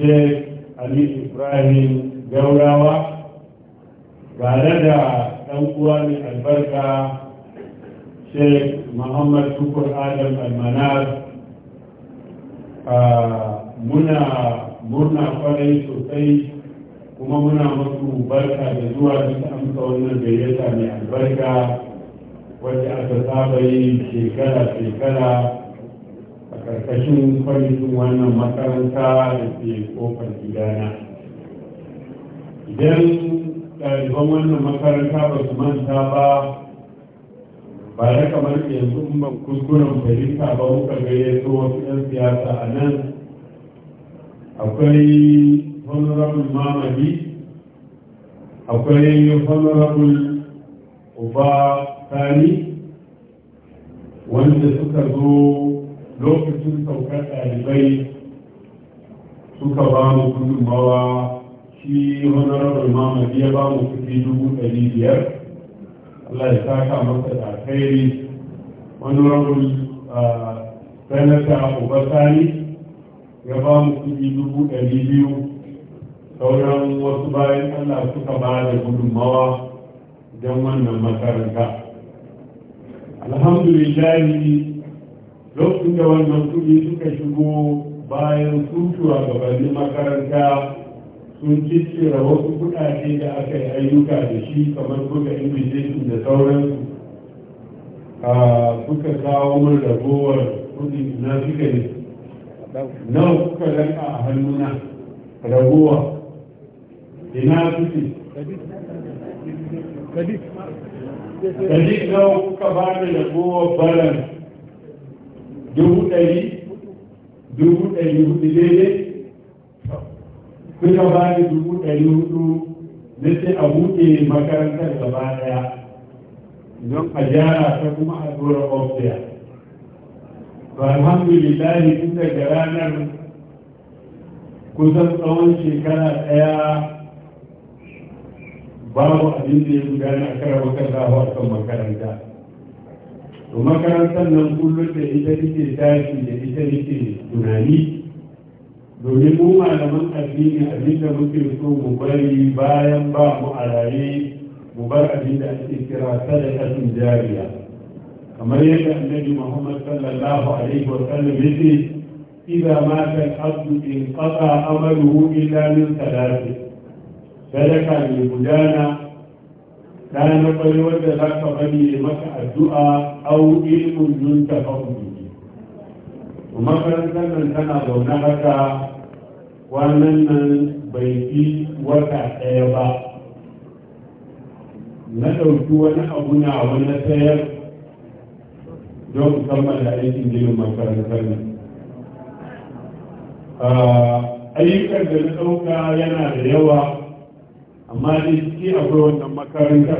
sheikh ali ibrahim gaurawa tare da ɗan uwa mai albarka sheikh muhammad kukur adam almanar muna murna kwarai sosai kuma muna masu barka da zuwa bisa amsa wannan gayyata mai albarka wadda aka saba yi shekara-shekara karkashin kwamitin wannan makaranta da ke kofar gidana idan ɗaliban wannan makaranta ba su manta ba ba da kamar yanzu in ban kuskuren fahimta ba muka gayyato wasu 'yan siyasa a nan akwai honorable mamadi akwai honorable uba sani wanda suka zo lokacin saukar ɗalibai suka ba mu gudunmawa shi honorable mamadi ya ba mu kuɗi dubu ɗari biyar allah ya saka masa da alkhairi honorable sanata obasani ya ba mu kuɗi dubu ɗari biyu sauran wasu bayan allah suka ba da gudunmawa don wannan makaranta alhamdulillahi lokacin da wannan kuɗi suka shigo bayan sun gabanin makaranta sun ciccira wasu kuɗaɗe da aka yi ayyuka da shi kamar buga invitation da sauransu suka kawo mun ragowar kuɗi na suka yi nawa kuka raka a hannuna ragowa ina suke kadi nawa kuka ba da ragowar balance dubu ɗari dubu ɗari hudu daidai kuka ba ni dubu ɗari hudu na ce a buɗe makarantar gaba ɗaya don a gyara ta kuma a tura ofiya to alhamdulillah tun daga ranar kusan tsawon shekara ɗaya babu abin da ya gudana a kan makaranta to makarantar nan kullum da ita take tashi da ita take tunani domin mu malaman addini abinda muke so mu bari bayan ba mu a raye mu bar abinda ake kira tun jariya kamar yadda annabi Muhammad sallallahu alaihi wa sallam yace idza ma al-abdu in qata amaluhu illa min sadaqa sadaka mai gudana ranar bari wanda za ka bari ya maka addu'a au ilmin yun ta fahimci makarantar nan tana zaune haka wannan nan bai fi wata ɗaya ba na ɗauki wani abu na wani sayar don kammala aikin ginin makarantar nan ah, ayyukan da na ɗauka yana da yawa amma dai ciki akwai wannan makaranta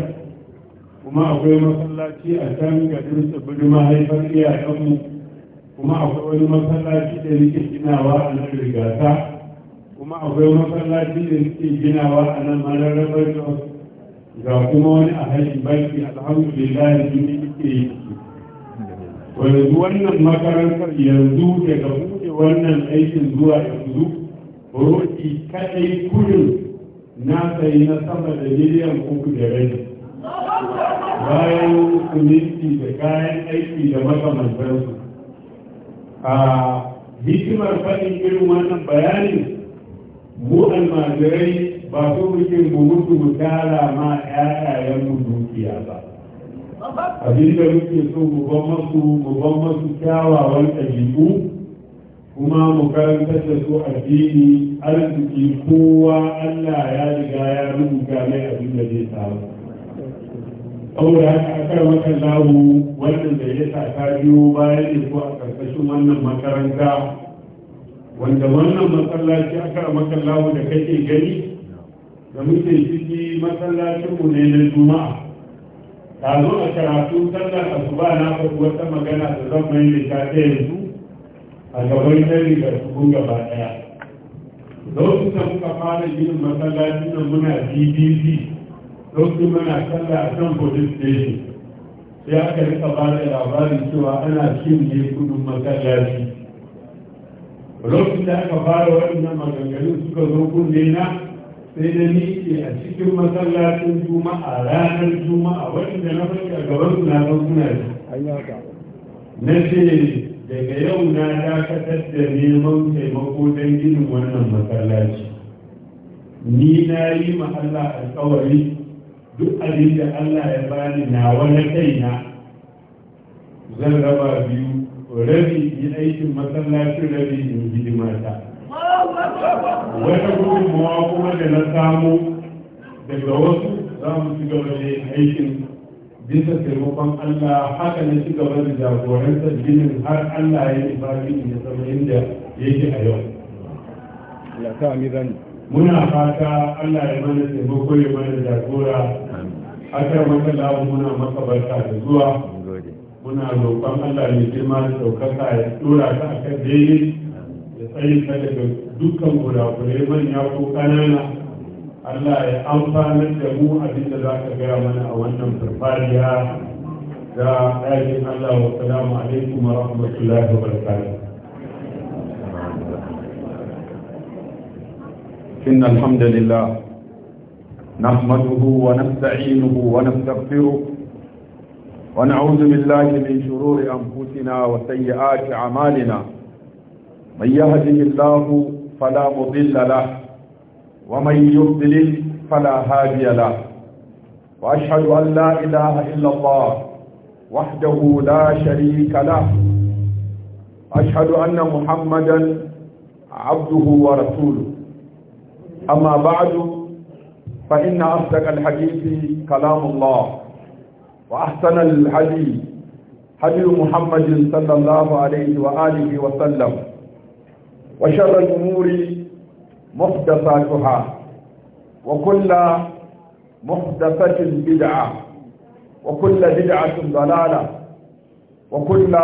kuma akwai masallaci a can garin tsibirin mahaifar kanmu, kuma akwai wani masallaci da nake ginawa a nan rigata kuma akwai masallaci da nake ginawa a nan mararrabar jos ga kuma wani a hajji baki alhamdulillah da ni nake yi yanzu wannan makarantar yanzu daga buɗe wannan aikin zuwa yanzu roƙi kaɗai kudin na sayi na sama da miliyan uku da rai bayan kuminti da kayan aiki da makamantarsu a hikimar faɗin irin wannan bayanin mu almajirai ba su muke mu mutu mu tara ma ƴaƴayen mu dukiya ba abinda muke so mu ban masu mu ban masu kyawawan ɗabi'u kuma mu karantar da su addini arziki kowa Allah ya riga ya rubuta mai abin da zai samu saboda haka a kan maka lahu wannan da ya sa ta biyo bayan ne ko a karkashin wannan makaranta wanda wannan masallaci a kan maka lahu da kake gani da muke ciki mu ne na juma'a ta zo a karatu sallar ba na faɗi wata magana da zan mai da ta yanzu a gaban jari da su gaba daya lokacin da muka fara ginin masallaci nan muna bbc lokacin muna kalla a kan police station sai aka rika ba da labarin cewa ana cin ne kudin masallaci lokacin da aka fara waɗannan maganganun suka zo kunne na sai da ni ke a cikin masallacin juma'a ranar juma'a waɗanda na fashe a gaban su na suna ne na ce daga yau na dakatar da neman taimako don ginin wannan masallaci ni na yi ma Allah alkawari duk abin da Allah ya bani na wani na. zan raba biyu rabi yi aikin masallacin rabi in hidimata wata gudunmawa kuma da na samu daga wasu za mu ci gaba da aikin bisa taimakon Allah haka ne ci gaba da jagorantar ginin har Allah ya yi bari da zama inda yake a yau. ta Muna fata Allah ya mana taimako ya mana jagora. Haka maka labu muna maka barka da zuwa. Muna roƙon Allah ya girma da ɗaukaka ya ɗora ta a kan daidai ya tsaye ta daga dukkan kurakurai manya ko ƙanana. Allah ya amfanar da mu abinda za ka gaya mana a wannan farfariya da ɗakin Allah wa salamu alaikum wa rahmatullahi wa barakatuh. إن الحمد لله نحمده ونستعينه ونستغفره ونعوذ بالله من شرور أنفسنا وسيئات أعمالنا من يهده الله فلا مضل له ومن يضلل فلا هادي له وأشهد أن لا إله إلا الله وحده لا شريك له أشهد أن محمدا عبده ورسوله أما بعد فإن أصدق الحديث كلام الله وأحسن الحديث هدي محمد صلى الله عليه وآله وسلم وشر الأمور محدثاتها وكل محدثة بدعة وكل بدعة ضلالة وكل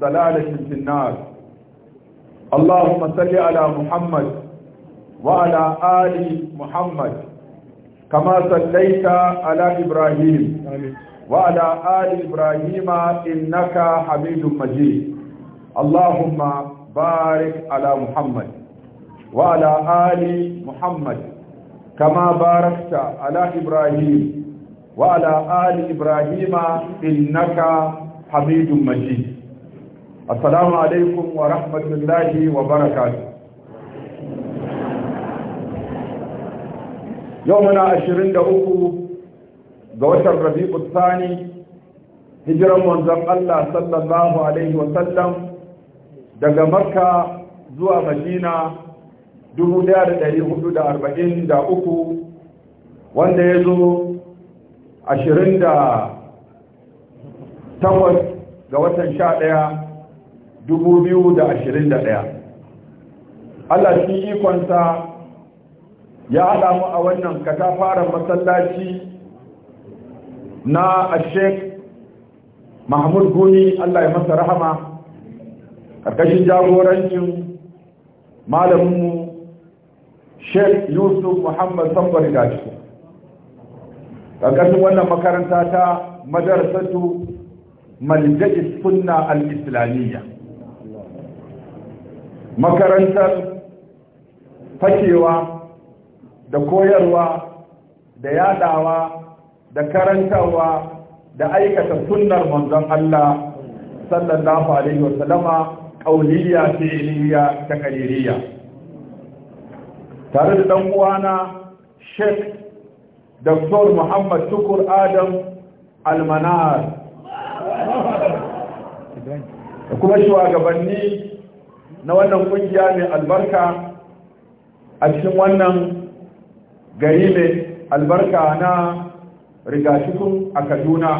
ضلالة في النار اللهم صل على محمد وعلى آل محمد كما صليت على إبراهيم وعلى آل إبراهيم إنك حميد مجيد اللهم بارك على محمد وعلى آل محمد كما باركت على إبراهيم وعلى آل إبراهيم إنك حميد مجيد السلام عليكم ورحمة الله وبركاته يومنا عشرين دقوق قوات الربيع الثاني هجرة منزل الله صلى الله عليه وسلم daga makka zuwa madina 1443 wanda ya zo 28 ga watan 11 2021 Allah shi ikonsa ya haɗa mu a wannan katafaren masallaci na ashek mahmud guni Allah ya masa rahama ƙarƙashin jagorancin malaminmu sheikh yusuf muhammad sambar gashi ƙarƙashin wannan makaranta ta madarsatu maljaji sunna al-islamiyya makarantar fakewa da koyarwa da yadawa da karantarwa da aikata sunnar manzon Allah sallallahu alaihi wasallama kauliya ta ƙaririya. tare da ɗan uwana Sheikh Dr. Muhammad Tukur Adam Almanar da kuma shugabanni na wannan ƙungiya mai albarka a cikin wannan gari mai albarka na rigashikun a Kaduna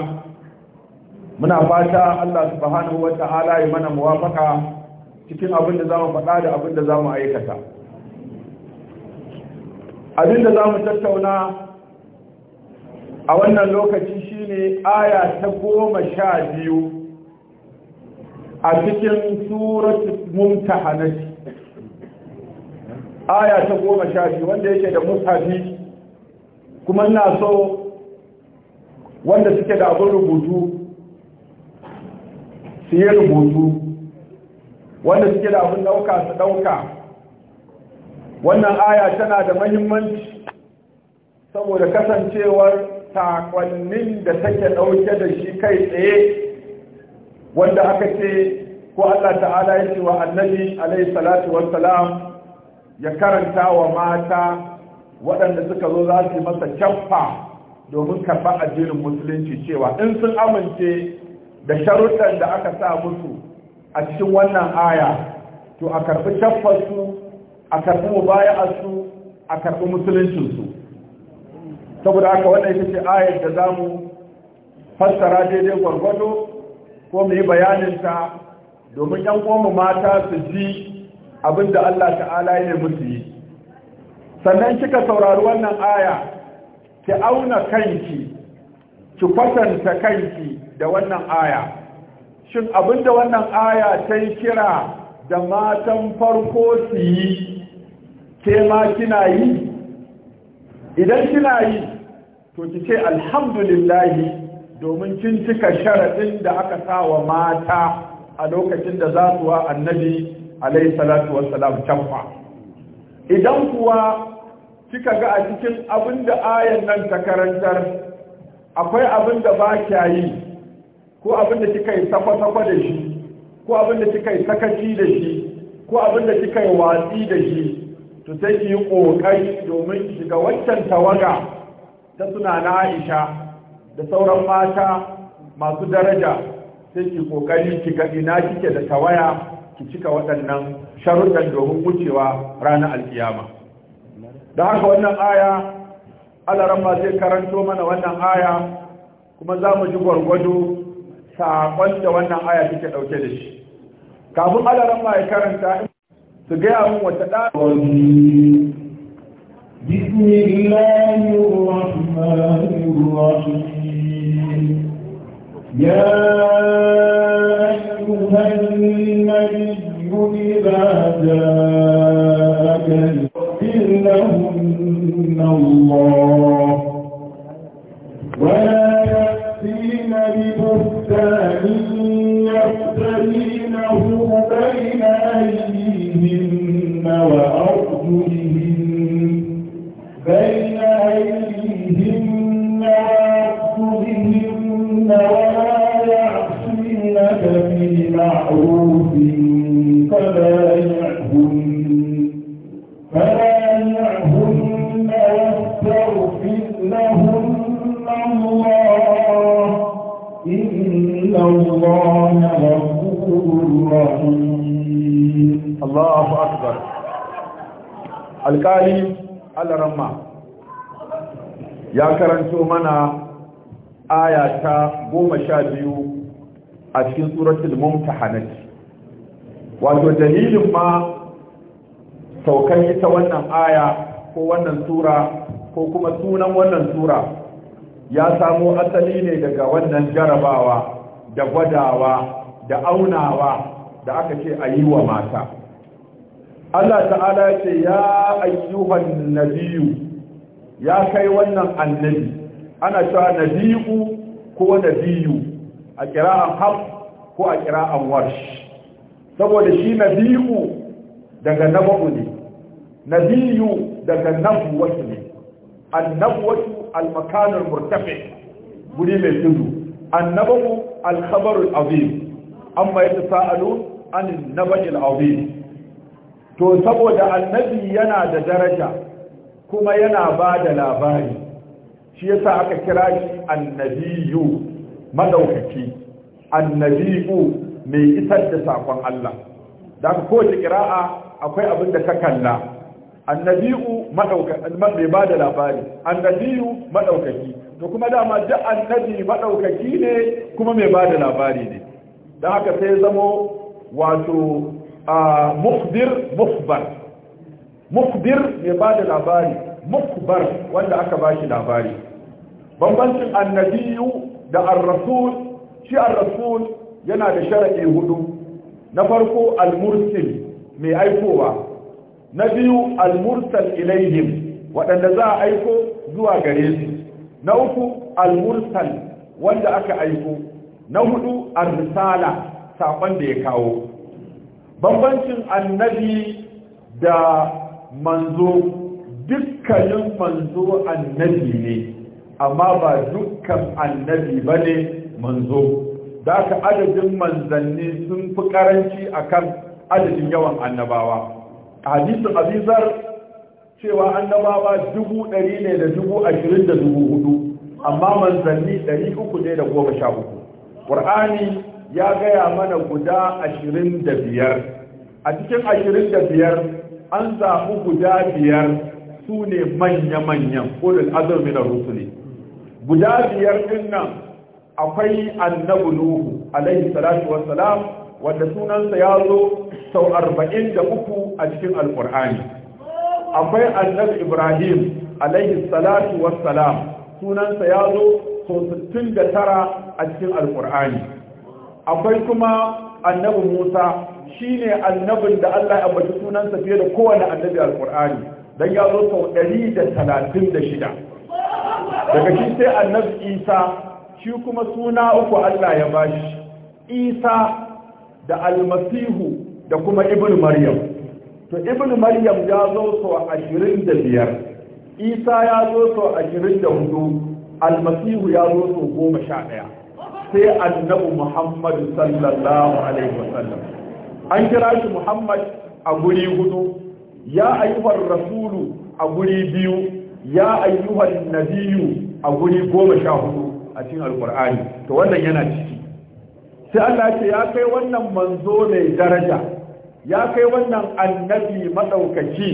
muna fata Allah subhanahu wa ta'ala ya mana muwafaka cikin abin da mu faɗa da abin da za mu aikata abinda za mu tattauna a wannan lokaci shine aya ta goma sha biyu a cikin suratu mumtahanati aya ta goma sha biyu wanda yake da mushafi kuma ina so wanda suke da abin rubutu su yi rubutu wanda suke da abin dauka su dauka wannan aya tana da mahimmanci saboda kasancewar takwannin da take dauke da shi kai tsaye wanda aka ce ko Allah ta'ala ya ce wa annabi alaihi salatu wassalam ya karanta wa mata waɗanda suka zo za su masa camfa domin karɓar addinin musulunci cewa in sun amince da sharuɗan da aka sa musu a cikin wannan aya to a karɓi su. a karɓi mu baya a karɓi musuluncinsu saboda haka wannan ita ce ayar da za mu fassara daidai gwargwado ko mu yi ta, domin yan goma mata su ji abin da Allah ta'ala ya musu yi sannan kika saurari wannan aya ki auna kanki ki kwatanta kanki da wannan aya shin abin da wannan aya ta yi kira da matan farko su yi ke ma kina yi idan kina yi to ki ce alhamdulillahi domin kin cika sharaɗin da aka sa wa mata a lokacin da za su wa annabi alaihi salatu wassalam canfa idan kuwa kika ga a cikin abin da ayan nan ta karantar akwai abin da ba kya yi ko abin da kika yi sakwa-sakwa da shi ko abin da kika yi sakaci da shi ko abin da kika yi watsi da shi to sai ki yi ƙoƙari domin shiga waccan tawaga ta suna na aisha da sauran mata masu daraja sai ki ƙoƙari ki ga ina kike da tawaya ki cika waɗannan sharuɗan domin wucewa ranar alkiyama da haka wannan aya alaran ma zai karanto mana wannan aya kuma za mu ji gwargwado saƙon da wannan aya kike ɗauke da shi kafin alaran ma ya karanta su gaya mun wata ɗaɗa بسم الله الرحمن الرحيم يا أيها النبي إذا جاءك اغفر لهن الله ولا alkali alaramma ya karanto mana aya ta goma sha biyu a cikin mumta mumtahanati wato dalilin ma saukan ita wannan aya ko wannan sura ko kuma sunan wannan sura ya samo asali ne daga wannan jarabawa da gwadawa da aunawa da aka ce a yi wa mata Allah ta'ala ya ce ya ayyuhan nabiyu ya kai wannan annabi ana cewa nabiyu ko nabiyu a kira'an haf ko a kira'an warsh saboda shi nabiyu daga nabu ne nabiyu daga nabuwatu ne annabuwatu almakanar murtafi guri mai tudu annabu alkhabarul azim amma yatasaalun an nabail azim to saboda annabi yana da daraja kuma yana ba da labari shi yasa aka kira shi annabiyu madaukaki annabiyu mai isar da sakon Allah da aka kowace kira'a akwai abin da ka kalla annabiyu mai ba da labari annabiyu madaukaki to kuma dama duk annabi madaukaki ne kuma mai ba da labari ne da haka sai zamo wato Ah, mukhbir mukhbar mukhbir ya ba da labari mukhbar wanda aka ba shi labari bambancin annabiyu da ar-rasul shi ar-rasul yana da sharadi hudu na farko al-mursil mai aikowa na biyu al-mursal ilaihim waɗanda za a aiko zuwa gare su na uku al-mursal wanda aka aiko na hudu ar-risala saƙon da ya kawo bambancin annabi da manzo dukkanin manzo annabi ne amma ba dukkan annabi ba ne manzo da aka adadin manzanni sun fi karanci akan adadin yawan annabawa a hadisin abizar cewa annabawa dubu ɗari ne da dubu ashirin da dubu hudu amma manzanni ɗari uku ne da goma sha uku ƙur'ani ya gaya mana guda ashirin da biyar a cikin ashirin da biyar an zaɓi guda biyar su ne manya-manyan ƙulul azumi na rusuli guda biyar ɗin nan akwai annabu nuhu alaihi salatu wassalam wanda sunansa ya zo sau arba'in da uku a cikin alƙur'ani akwai annabi ibrahim alaihi salatu wassalam sunansa ya zo sau sittin da tara a cikin alƙur'ani akwai kuma annabi Musa shi ne annabin da Allah ya baci sunansa fiye da kowane annabi alkur'ani dan ya zo sau 136 daga shi sai annabi Isa shi kuma suna uku Allah ya bashi Isa da almasihu da kuma ibn Maryam to ibn Maryam ya zo sau 25 Isa ya zo sau 24 almasihu ya zo sau 11 sai annabi Muhammadu sallallahu alaihi wasallam an kira shi Muhammad a guri hudu ya ayyuhar rasulu a guri biyu ya ayyuhar nabiyu a guri goma sha hudu a cikin alkur'ani to wannan yana ciki sai Allah ce ya kai wannan manzo mai daraja ya kai wannan annabi madaukaki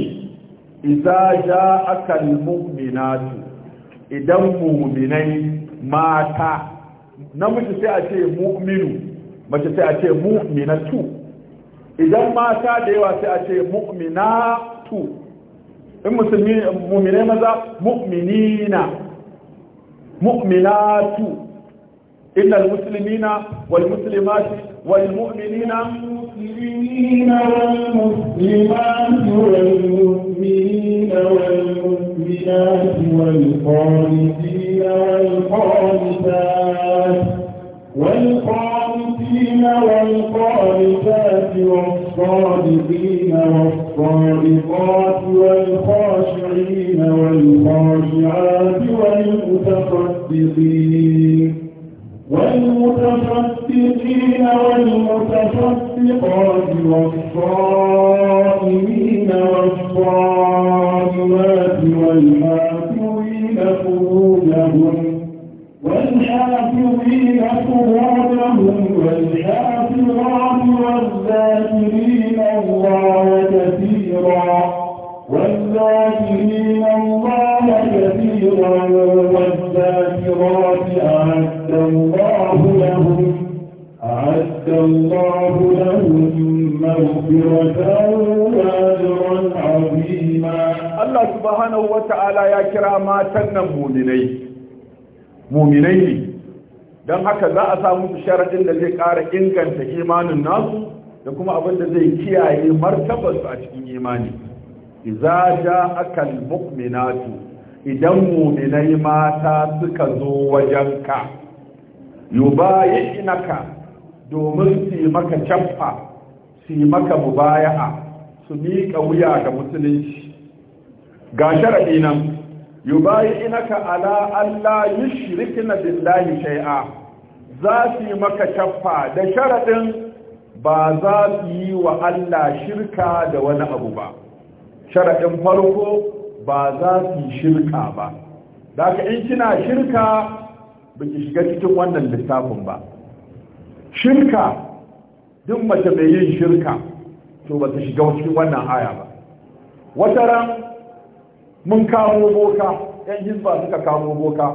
idza ja'aka mu'minatu idan mu'minai mata namiji sai a ce mu'minu mace sai a ce mu'minatu idan mata da yawa sai a ce mu'minatu in musulmi mu'mine maza mu'minina mu'minatu innal muslimina wal muslimati والمؤمنين والمسلمين والمسلمات والمؤمنين والمؤمنات والقانتين والقانتات والقانتين والقانتات والصادقين والصادقات والخاشعين والخاشعات والمتصدقين والمتصدقين والمتصدقات والصائمين والصائمات والحافظين فروجهم والحافظين kira matan nan muminai muminai ne don haka za a samu sharadin da zai ƙara inganta imanin nasu da kuma abin da zai kiyaye martabarsu a cikin imani iza ja akal mu'minatu idan muminai mata suka zo wajenka ka domin su yi maka camfa su yi maka mubaya'a su miƙa wuya ga musulunci ga sharaɗi nan yubayi'inaka ala alla yushrikna billahi shay'a za su yi maka shaffa da sharaɗin ba za su yi wa Allah shirka da wani abu ba Sharaɗin farko ba za su yi shirka ba da in kina shirka ba ki shiga cikin wannan littafin ba shirka duk mace mai yin shirka to ba ta shiga cikin wannan aya ba wata ran mun kamo boka yan hizba suka kamo boka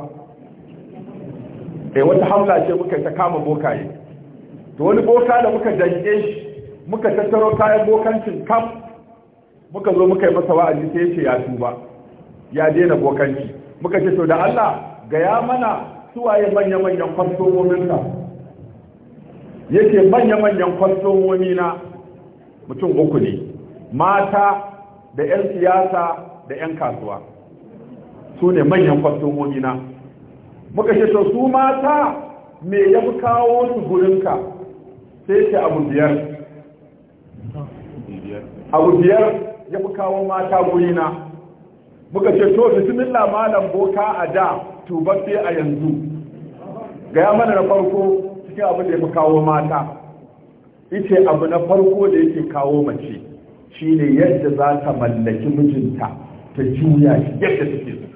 E, wata hamla ce muka ta kama bokaye to wani boka da muka dange shi muka tattaro kayan bokancin kam muka zo muka yi masa wa'azi sai ce ya tuba ya daina bokanci muka ce to da Allah gaya mana suwaye manya-manyan ka yake manya-manyan na mutum uku ne mata da 'yan siyasa da 'yan kasuwa su ne manyan kwastomomi na muka ce to su mata me ya fi kawo su gurinka sai ce abu biyar abu biyar ya fi kawo mata gurina muka ce to bismillah malam boka a da tubabbe a yanzu gaya mana na farko cikin abin da ya fi kawo mata ita abu na farko da yake kawo mace shi ne yadda za ta mallaki mijinta ta juya shi yadda suke su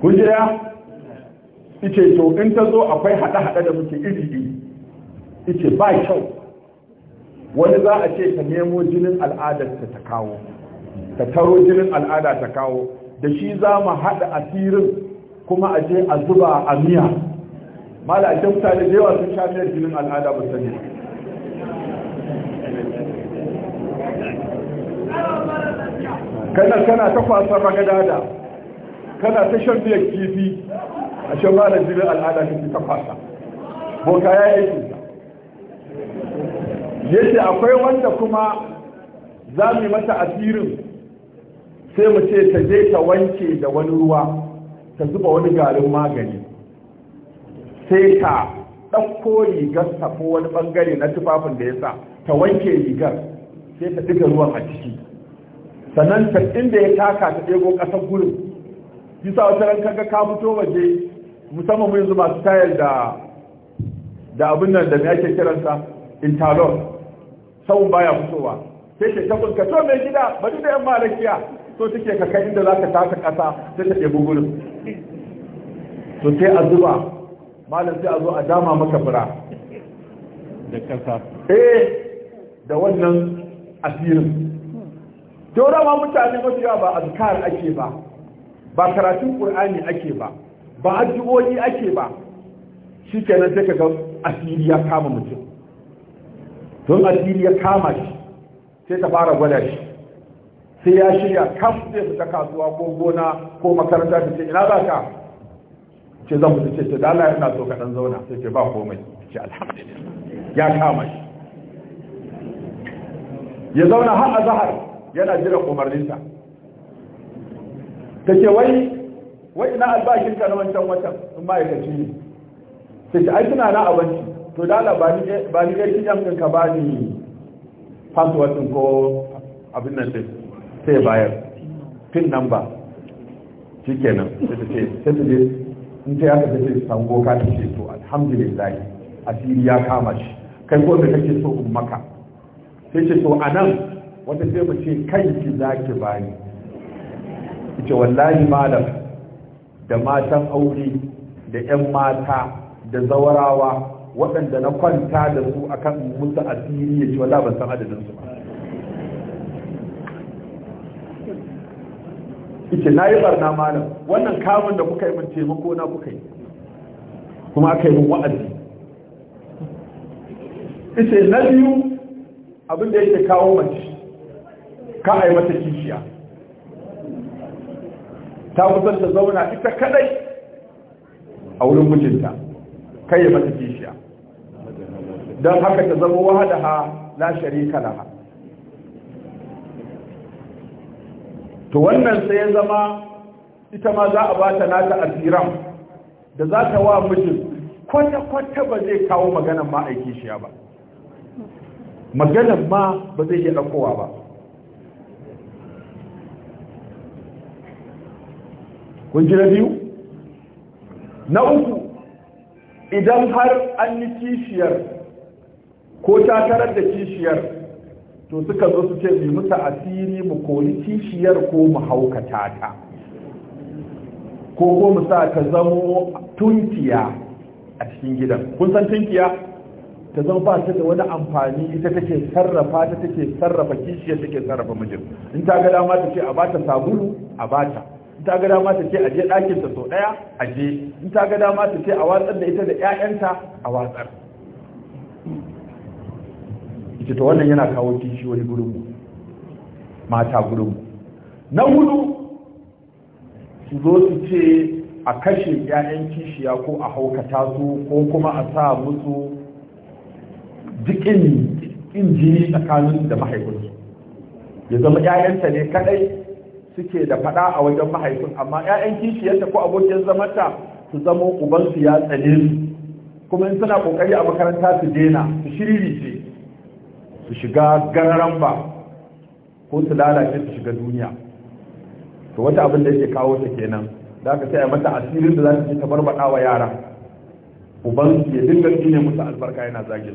kun ita ice to in ta zo akwai haɗe-haɗe da muke iri iri ice ba kyau wani za a ce ta nemo jinin al'adarta ta kawo ta taro jinin al'ada ta kawo da shi za mu haɗa asirin kuma a je a zuba a miya mala a jamta da jewa sun sha jinin al'ada ba sani kana kana ta kwasar da kana ta shan biyar kifi a shan da jirin al'ada kake ta kwasa boka ya yi Ya ce akwai wanda kuma za mu yi mata asirin sai mu ce ta je ta wanke da wani ruwa ta zuba wani garin magani sai ta ɗauko rigar ta ko wani ɓangare na tufafin da ya sa ta wanke rigar sai ta ɗiga ruwan a ciki sannan ta inda ya taka ta ɗego ƙasar gurin bisa wata ran kaga ka fito waje musamman mu yanzu masu tayar da da abin nan da me ake kiransa interlock sau baya fitowa sai ta tabun ka to mai gida bari da yan malakiya to take ka kai inda zaka taka ƙasa sai ta ɗebo gurin to sai a zuba malam sai a zo a dama maka fura da ƙasa eh da wannan asirin ma mutane mafi yawa ba azkar ake ba ba karatun qur'ani ake ba ba addu'o'i ake ba shikenan sai kaga asiri ya kama mutum don asiri ya kama shi sai ta fara gwada shi sai ya shirya kam zai fita kasuwa ko gona ko makaranta ta ce ina za ka ce zan fita ce ce da Allah yana so ka dan zauna sai ce ba komai ce alhamdulillah ya kama shi ya zauna har azhar yana jiran umarninsa ta ce wai wai ina ka na wancan wancan in ma'aikaci ne ta ce ai suna na abanci to dala ba ni yan ɗin ka ba ni password ko abin nan din sai bayar pin number shi kenan sai ta ce sai ta ce in ta yaka ta ce sango ka ta ce to alhamdulillah asiri ya kama shi kai ko da kake so in maka sai ce to a nan wata sai mu ce kai ki zaki bani ita wallahi malam da matan aure da ƴan mata da zawarawa waɗanda na kwanta da su akan musu asiri ya ce wallahi ban san adadin su ba ita na yi barna malam wannan kamun da kuka yi min taimako na kuka yi kuma aka yi min wa'azi ita na biyu abin da yake kawo mace ka a yi mata kishiya ta kusan ta zauna ita kadai a wurin mijinta kai ya mata kishiya don haka ta zama wa ha na sharika ha. to wannan sai ya zama ita ma za a ba ta nata asiran da za ta wa mijin kwata-kwata ba zai kawo maganan ma a kishiya ba maganan ma ba zai yi ɗaukowa ba kun ji na biyu na uku idan har an yi kishiyar ko ta tarar da kishiyar to suka zo su ce bi musa asiri mu koli kishiyar ko mu haukata ta ko ko mu sa ta zamo tunkiya a cikin gidan kun san tunkiya ta zama ba ta da wani amfani ita take sarrafa ta take sarrafa kishiyar take sarrafa mijin in ta ga dama ta ce a bata sabulu a bata ta ga dama ta ce a je ɗakin ta sau ɗaya a je in ta ga dama ta ce a watsar da ita da 'ya'yanta a watsar ita ta wannan yana kawo kishiyoyi wani gurin mu mata gurin mu na hudu su zo su ce a kashe 'ya'yan kishiya ko a haukata su ko kuma a sa musu jikin jini tsakanin da mahaifinsu ya zama 'ya'yanta ne kaɗai. suke da faɗa a wajen mahaifin amma 'ya'yan kishiyarta ko abokin zamanta su zamo uban ya tsane su kuma in suna kokari a makaranta su dena su shiriri ce su shiga gararan ba ko su lalace su shiga duniya to wata abin da yake kawo ta kenan da aka sai a mata asirin da za ta je ta barbaɗa wa yara uban su ya dinga ne musu albarka yana zage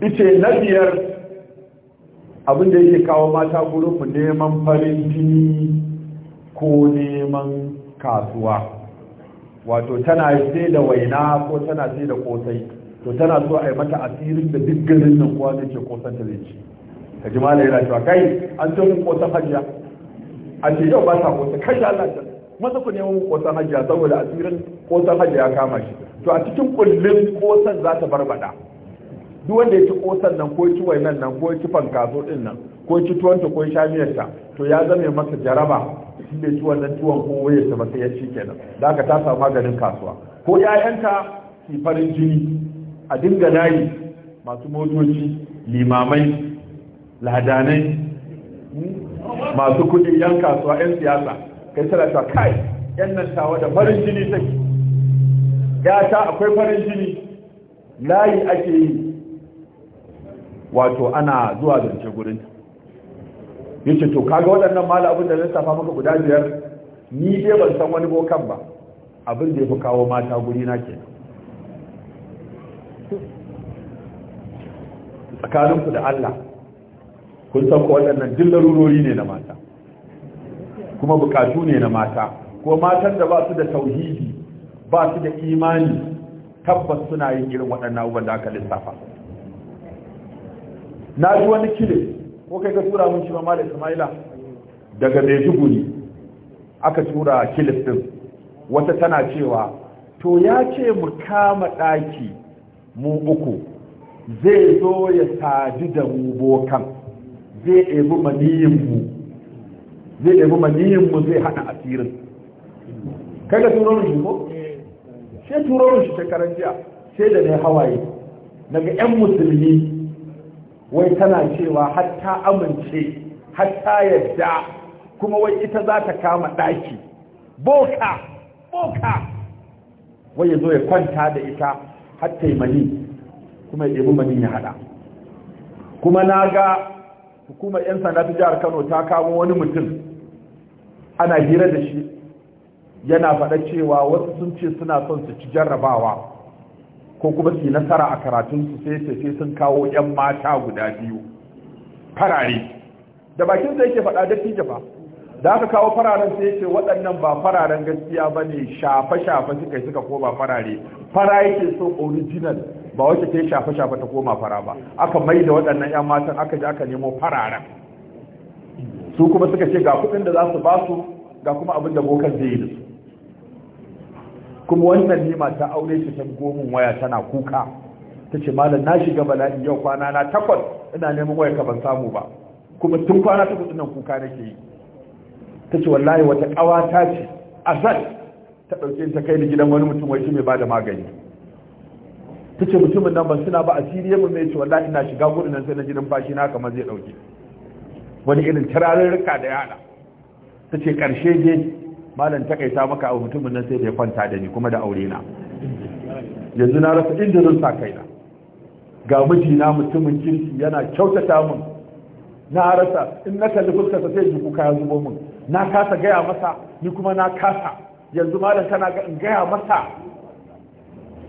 su ice na biyar abin da yake kawo mata gurin mu neman farin jini ko neman kasuwa wato tana sai da waina ko tana sai da kosai to tana so a yi mata asirin da duk garin nan kowa da ke kosan ta zai ci ka ji malai yana cewa kai an ce mun kosan hajiya a ce yau ba ta kosa kai Allah ta masa ku neman kosan hajiya saboda asirin kosan hajiya kama shi to a cikin kullum kosan za ta barbada duk wanda ya ci kosan nan ko ci wainan nan ko ci fankaso din nan ko ci tuwanta ko sha miyarta to ya zame masa jaraba shi bai ci wannan tuwon ko wayarsa ba sai ya ci kenan da aka tasa maganin kasuwa ko yayanta ki farin jini a dinga nayi masu motoci limamai ladanai masu kuɗi yan kasuwa yan siyasa kai tana ta kai yan nan tawa da farin jini take ya ta akwai farin jini layi ake yi wato ana zuwa zance gurin ce to kaga waɗannan mala abin da zai safa maka guda biyar ni dai ban san wani bokan ba abin da ya fi kawo mata guri na ke tsakaninku da Allah kun san ko waɗannan duk larurori ne na mata kuma bukatu ne na mata ko matan da ba su da tauhidi ba su da imani tabbas suna yin irin waɗannan abubuwan da aka lissafa na ji wani kile ko kai ka tura mun shi ma malam Ismaila daga Maiduguri aka tura kilif din wata tana cewa to ya ce mu kama ɗaki mu uku zai zo ya sadu da mu bokan zai ɗebi maniyinmu zai ɗebi maniyinmu zai hana asirin kai ka turo shi ko eh. sai turo shi shekaran jiya sai da ne hawaye daga 'yan musulmi wai tana cewa hatta amince hatta yadda kuma wai ita za ta kama ɗaki boka boka wai ya zo ya kwanta da ita hatta yi mani kuma ya ɗebi mani ya haɗa kuma na ga hukumar 'yan sanda ta jihar kano ta kamo wani mutum ana hira da shi yana faɗa cewa wasu sun ce suna son su ci jarrabawa ko kuma su yi nasara a karatunsu sai ce sai sun kawo 'yan mata guda biyu farare da bakin sai yake faɗa dattijo jafa da aka kawo fararen sai ce waɗannan ba fararen gaskiya ba ne shafa-shafa suka yi suka koma farare fara yake so original ba wacce ta yi shafa-shafa ta koma fara ba aka mai da waɗannan 'yan matan aka ji aka nemo fararen su kuma suka ce ga kuɗin da za su ba su ga kuma abin da bokan zai yi da su kuma wannan nima ta aure ta san gomin waya tana kuka ta ce malam na shiga Bala'in yau kwana na takwas ina neman waya ka ban samu ba kuma tun kwana takwas nan kuka nake yi ta ce wallahi wata ta ce azal ta ɗauke ta kai ni gidan wani mutum wai shi mai bada magani ta ce mutumin nan ban suna ba a siriya mu mai ce wallahi ina shiga gudun nan sai na gidan fashi na kamar zai ɗauke wani irin rika da yana ta ce ƙarshe dai malam takaita maka a mutumin nan sai da ya kwanta da ni kuma da aure na yanzu na rasa inda zan sa kaina ga mijina mutumin kirki yana kyautata min na rasa in na kalli fuskarsa sai ji kuka ya zubo min na kasa gaya masa ni kuma na kasa yanzu malam kana ga in gaya masa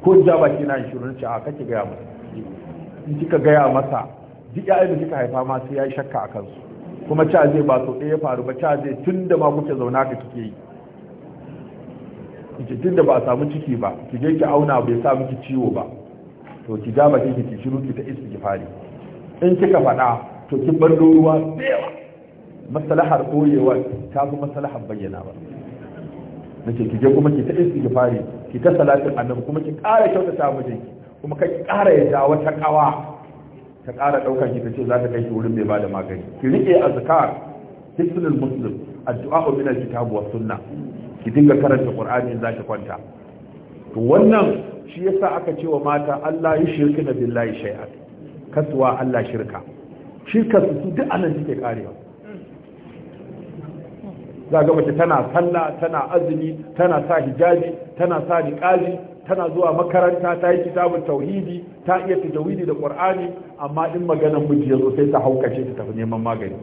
ko ja baki na shirin ce a kake gaya masa in kika gaya masa duk ya'yan da kika haifa ma sai ya yi shakka a kansu kuma ca zai ba so ɗaya faru ba ca zai tun da ma kuke zauna ka kike yi ki tunda ba a samu ciki ba ki je ki auna bai sa miki ciwo ba to ki ga mace ki shiru ki ta istighfari in kika faɗa to ki bar ruwa tsewa maslahar koyewa ta fi maslahar bayyana ba nake ki je kuma ki ta istighfari ki ta salatin annabi kuma ki ƙara kyautata mijinki kuma ka ƙara ya dawo wata kawa ta ƙara ɗaukar ki ta ce za ta kai ki wurin mai bada magani ki rike azkar hisnul muslim addu'a min alkitab wa sunnah ki dinga karanta qur'ani za ki kwanta to wannan shi yasa aka ce wa mata Allah ya shirka da billahi shay'an kaswa Allah shirka shirka su duk anan suke karewa za ga mace tana sallah tana azumi tana sa hijabi tana sa niqabi tana zuwa makaranta ta yi kitabun tauhidi ta iya tajawidi da qur'ani amma in maganar miji yazo sai ta haukace ta tafi neman magani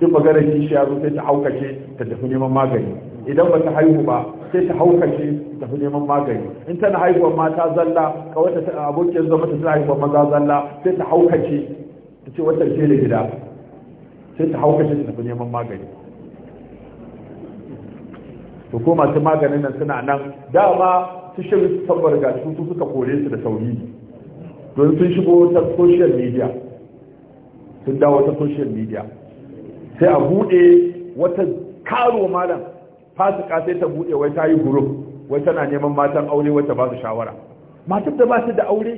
in maganar kishi yazo sai ta haukace ta tafi neman magani idan ba ta haihu ba sai ta haukace tafi neman magani in tana haihuwar mata zalla ka wata abokin zama ta tana haihuwar maza zalla sai ta haukace ta ce wata ce da gida sai ta haukace ta tafi neman magani to ko masu maganin nan suna nan dama su su tabbar ga su suka kore su da sauri don sun shigo ta social media sun dawo ta social media sai a buɗe wata karo malam fasika sai ta bude wai ta yi group wai tana neman matan aure wata ba su shawara matar da ba ta da aure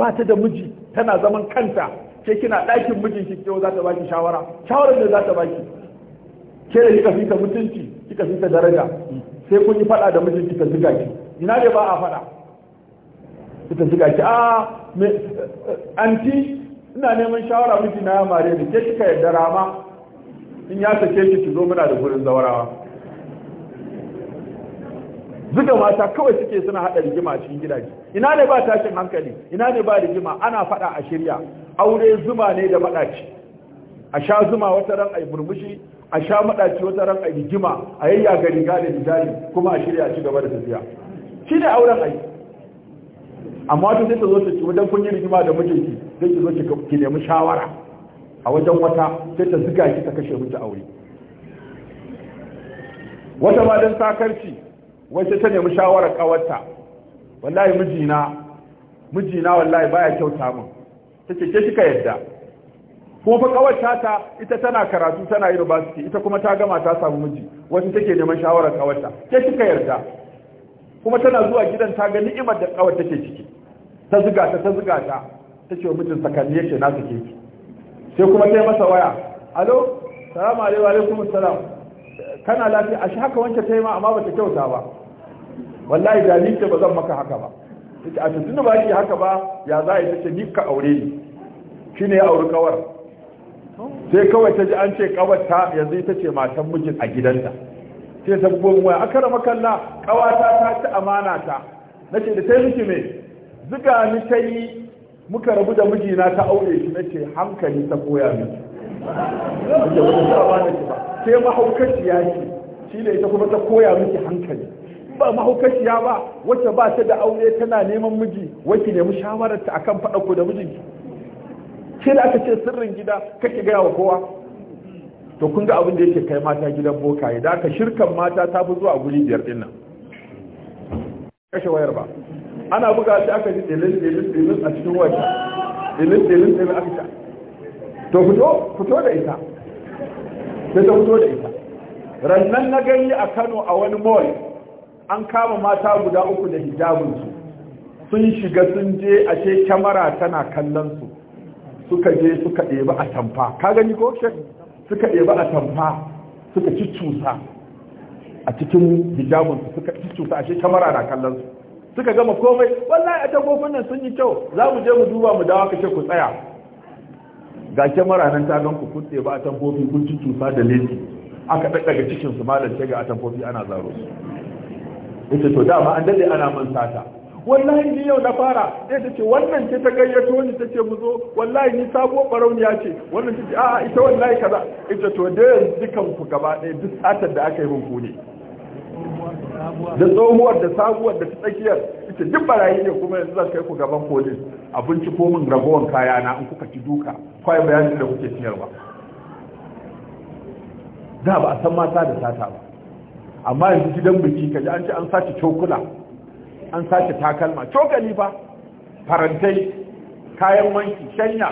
ba ta da miji tana zaman kanta ke kina ɗakin mijin ki za ta baki shawara shawara ne za ta baki ke da kika fita mutunci kika fita daraja sai kun yi faɗa da mijin kika ziga ki ina ne ba a faɗa kika ziga ki a ah, me anti ina neman shawara miji na ya mare ni ke kika yarda rama in ya sake ki ki zo muna da gurin zawarawa zuga mata kawai suke suna haɗa rigima cikin gidaje ina ne ba tashin hankali ina ne ba rigima ana faɗa a shirya aure zuma ne da maɗaci a sha zuma wata ran ai murmushi a sha maɗaci wata ran ai rigima a yayya ga riga da rijali kuma a shirya ci gaba da tafiya shi ne auren ai amma wata sai ta zo ta ci wajen kun yi rigima da mijinki sai ki zo ki nemi shawara a wajen wata sai ta ziga ki ta kashe miki aure wata ma dan sakarci wace ta nemi shawarar kawarta wallahi mijina mijina wallahi baya kyauta min ce ke ka yadda ko fa kawarta ta ita tana karatu tana university ita kuma ta gama ta samu miji wace take neman shawarar kawarta ke ka yarda kuma tana zuwa gidan ta ga ni'imar da kawar take ciki ta zuga ta ta zuga ta ce wa mijin sakanni yake na take ki sai kuma sai masa waya alo salamu alaikum alaikum salam kana lafiya a shi haka wanke ma amma ba ta kyauta ba wallahi da ni ce ba zan maka haka ba take a tun da ba ki haka ba ya za a yi ni ka aure ni shine ya auri kawar sai kawai ta ji an ce kawar ta yanzu ita ce matan mijin a gidanta sai ta bugo waya akara kalla. kawata ta ci amana ta nace da sai miki me zuga ni ta yi muka rabu da mijina ta aure shi nace hankali ta koya min sai mahaukaciya ce shi ne ita kuma ta koya miki hankali ba mahaukaciya ba wacce ba ta da aure tana neman miji wacce nemi shawararta akan faɗa ko da mijinki ke da aka ce sirrin gida kake gaya wa kowa to kun ga abin da yake kai mata gidan bokaye da aka shirkan mata ta fi zuwa guri biyar dinnan kashe wayar ba ana buga shi aka ji tsilin tsilin tsilin a cikin wata tsilin tsilin tsilin aka ta to fito fito da ita sai ta fito da ita rannan na gani a kano a wani mall an kama mata guda uku da hijabinsu sun shiga sun je a ce kyamara tana kallon su suka je suka ɗebi a tamfa ka gani ko shek suka ɗebi a tamfa suka cusa a cikin hijabinsu suka cusa a ce kyamara na kallon su suka gama komai wallahi a tagofin nan sun yi kyau za mu je mu duba mu dawo ce ku tsaya ga kyamara nan ta gan ku kun ɗebi a tamfofi kun ci cusa da lesi aka ɗaɗɗaga cikinsu malam ce ga a tamfofi ana zaro su yace to dama an dade ana man sata wallahi ni yau na fara sai ta ce wannan ce ta gayyato ni ta ce mu zo wallahi ni sabo barauniya ce wannan ce a'a ita wallahi kaza ita to da yanzu dukan ku gaba ɗaya duk satar da aka yi mun ku ne da tsohuwar da sabuwar da tsakiyar ita duk barayi ne kuma yanzu zan kai ku gaban polis abinci ko min ragowar kaya na in kuka ci duka kawai bayanin da kuke siyarwa da ba a san mata da sata ba amma yanzu gidan biki kaji an ce an sace cokula an sace takalma cokali ba farantai kayan wanki shanya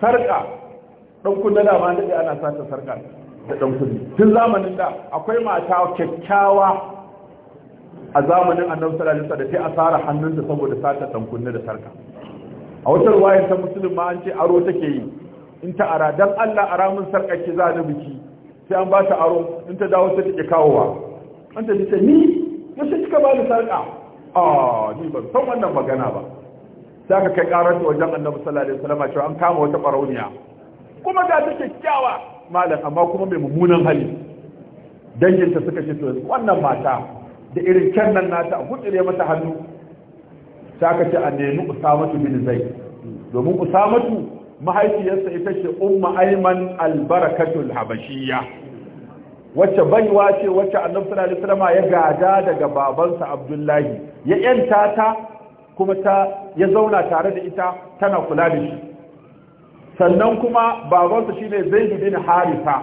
sarka Ɗan kunna da ma ana sace sarka da ɗan tun zamanin da akwai mata kyakkyawa a zamanin annabi sallallahu alaihi wasallam da ta asara hannunta saboda sace ɗan da sarka a wata ruwayar ta ma an ce aro take yi in ta ara dan Allah aramin sarka ki za ni biki sai an ba ta aro in ta dawo sai take kawowa an ta ce ni kika ba ni sarka a ah, ni ban san wannan magana ba sai aka kai karar ta wajen annabi sallallahu alaihi wasallam cewa an kama wata barauniya kuma ga ta kyakkyawa malam amma kuma mai mummunan hali danginta suka ce to wannan mata da irin kennan nan nata a gudure mata hannu sai aka ce a nemi usamatu bin zai domin usamatu mahaifiyarsa ita ce umma aiman albarakatul habashiyya wacce baiwa ce wacce annabi sallallahu alaihi wasallam ya gada daga babansa abdullahi ya yanta ta kuma ta ya zauna tare da ita tana kula da shi sannan kuma babansa shine zaid bin harisa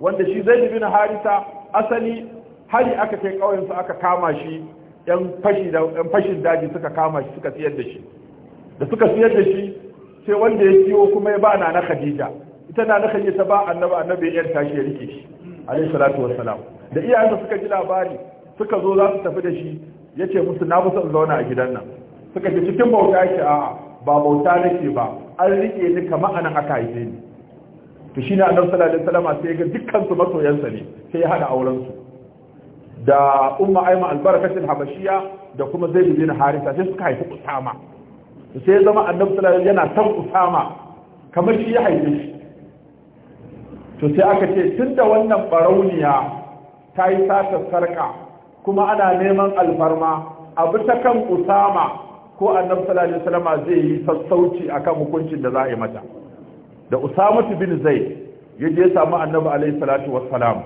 wanda shi zaid bin harisa asali hari aka kai ƙauyensa aka kama shi yan fashi da yan fashin daji suka kama shi suka siyar da shi da suka siyar da shi sai wanda ya ciwo kuma ya ba na na khadija ita na na khadija ta ba annabi annabi ya tashi ya rike shi alayhi salatu wassalam da iyayensa suka ji labari suka zo za su tafi da shi yace ce musu na musu zauna a gidan nan suka ce cikin bauta shi a ba bauta nake ba an rike ni kamar anan aka haife ni to shi na annabi sallallahu alaihi wasallam sai ga dukkan su masoyansa ne sai ya hada auren su da umma aima albarakatul habashiya da kuma zaid bin harisa sai suka haifi usama sai zama annabi sallallahu alaihi yana san usama kamar shi ya haife shi to sai aka ce tunda wannan barauniya ta yi sata sarka kuma ana neman alfarma abu ta kan usama ko annabi sallallahu alaihi wasallam zai yi sassauci akan hukuncin da za a yi mata da usama bin zai ya je samu annabi alaihi salatu wassalam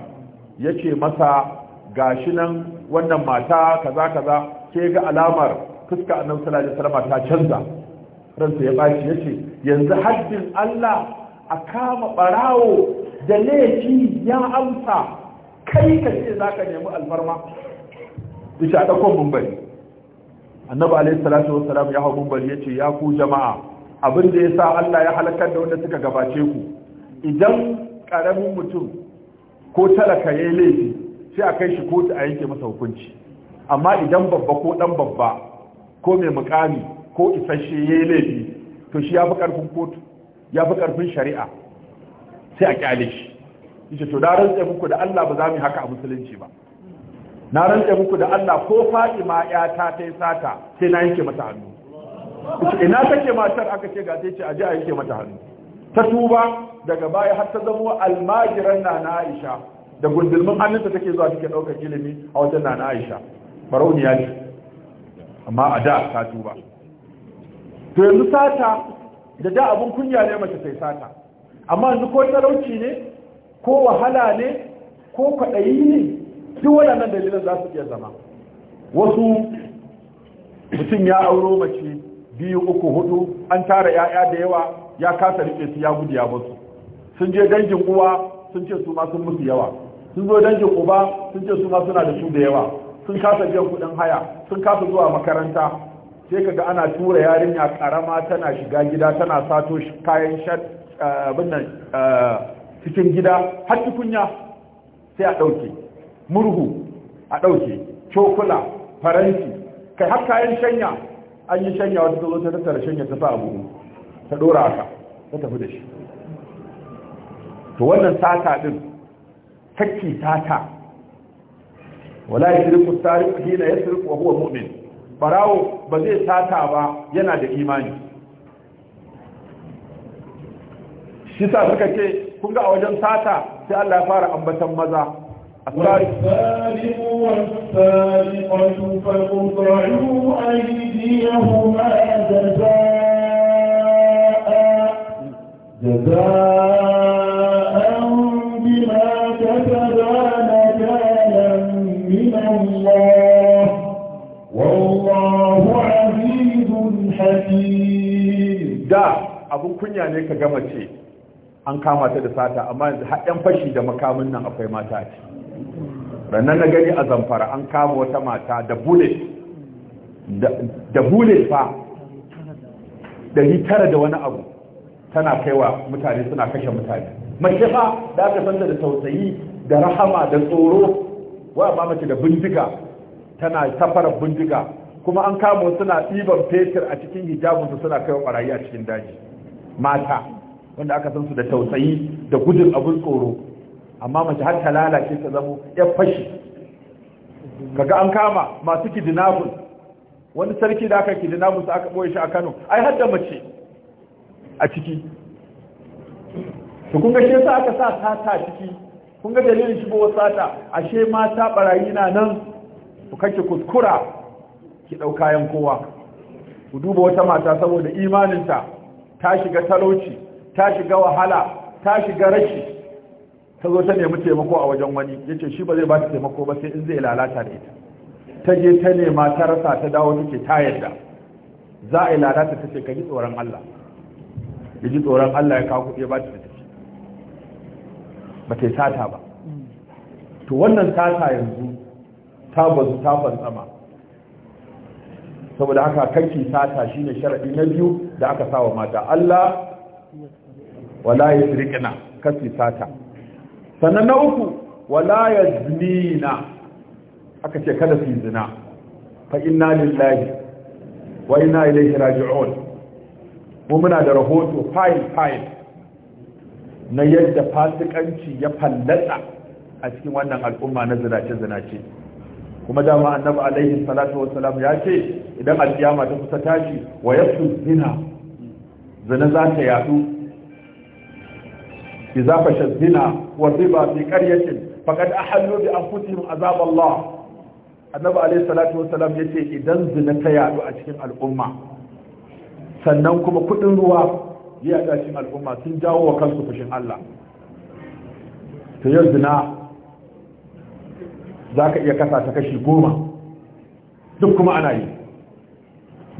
ya ce masa gashi nan wannan mata kaza kaza ke ga alamar fuska annabi sallallahu alaihi wasallam ta canza ransa ya bashi ya ce yanzu haddin Allah a kama barawo da laifi ya amsa kai ka ce za ka nemi alfarma shi a ɗakon mumbari annabi alaihi salatu ya hau mumbari ya ce ya ku jama'a abin da ya sa Allah ya halakar da wanda suka gabace ku idan ƙaramin mutum ko talaka ya yi laifi sai a kai shi kotu a yanke masa hukunci amma idan babba ko ɗan babba ko mai mukami ko isasshe ya yi laifi to shi ya fi ƙarfin kotu ya fi ƙarfin shari'a sai a ƙyale shi yace to na rantse muku da Allah ba za mu haka a musulunci ba na rantse muku da Allah ko Fatima ƴata ta yi sata sai na yanke mata hannu ina take matar aka ce ga sai ce aje a yanke mata hannu ta tuba daga baya har ta zama almajiran na na Aisha da gundulmin hannunta take zuwa take daukar ilimi a wajen na na Aisha barauniya ce amma a da ta tuba to yanzu sata da da abun kunya ne mace sai sata amma yanzu ko talauci ne ko wahala ne ko kwaɗayi ne duk waɗannan dalilan za su iya zama wasu mutum ya auro mace biyu uku hudu an tara ya'ya da yawa ya kasa rike su ya gudu ya basu sun je dangin uwa sun ce su ma sun musu yawa sun zo dangin uba sun ce su ma suna da su da yawa sun kasa biyan kuɗin haya sun kasa zuwa makaranta sai kaga ana tura yarinya karama tana shiga gida tana sato kayan shat eh, abin nan eh, cikin gida har tukunya sai a ɗauke murhu a ɗauke cokula faranti kai har kayan shanya an yi shanya wata zo ta tattara shanya ta sa abu ta ɗora haka ta tafi da shi to wannan sata ɗin takki sata wala yasriqu sariq hina yasriqu wa huwa mu'min barawo ba zai sata ba yana da imani shi sa suka ce kun ga a wajen sata sai Allah ya fara ambatan maza والسارق da abin kunya ne ka gama ce an kama ta da sata amma yanzu haɗin fashi da makamin nan akwai mata a ce rannan na gani a zamfara an kama wata mata da bullet da bullet fa ɗari tara da wani abu tana kaiwa mutane suna kashe mutane mace fa da aka santa da tausayi da rahama da tsoro wa ba mace da bindiga tana safarar bindiga kuma an kamo suna ɗiban fetur a cikin hijabinsu suna kai wa ɓarayi a cikin daji mata wanda aka san su da tausayi da gudun abin tsoro amma mace har ta lalace ta zamo ya fashi kaga an kama masu kidinabun wani sarki da aka kidinabun su aka ɓoye shi a kano ai har da mace a ciki to kun ga shi yasa aka sa sata a ciki kun ga dalilin shigo sata ashe mata barayi na nan ku kake kuskura ki ɗau kayan kowa ku duba wata mata saboda imaninta ta shiga talauci ta shiga wahala ta shiga rashi ta zo ta nemi taimako a wajen wani ya ce shi ba zai ba ta taimako ba sai in zai lalata da ita ta je ta nema ta rasa ta dawo take ta yadda. za a yi lalata ta ce ka ji tsoron Allah ya ji tsoron Allah ya kawo kuɗi ba ta ce ba ta yi sata ba to wannan sata yanzu ta bazu ta fantsama saboda haka kanki sata shine sharadi na biyu da aka sawa mata Allah wala ya yusrikna kanki sata sannan na uku wala ya yaznina aka ce kada su zina fa inna lillahi wa inna ilaihi raji'un mu muna da rahoto file file na yadda fasikanci ya fallasa a cikin wannan al'umma na zinace-zinace kuma dama annabi alaihi salatu wa salam ya ce idan alkiyama ta kusa tashi wa yasu zina zina za ta yadu idza fasha zina wa riba fi qaryatin faqad ahallu bi anfusihim azab Allah annabi alaihi salatu wa salam ya ce idan zina ta yadu a cikin al'umma sannan kuma kudin ruwa ya yada cikin al'umma sun jawo wa kansu fushin Allah to yau zina za ka iya kasa ta kashi goma duk kuma ana yi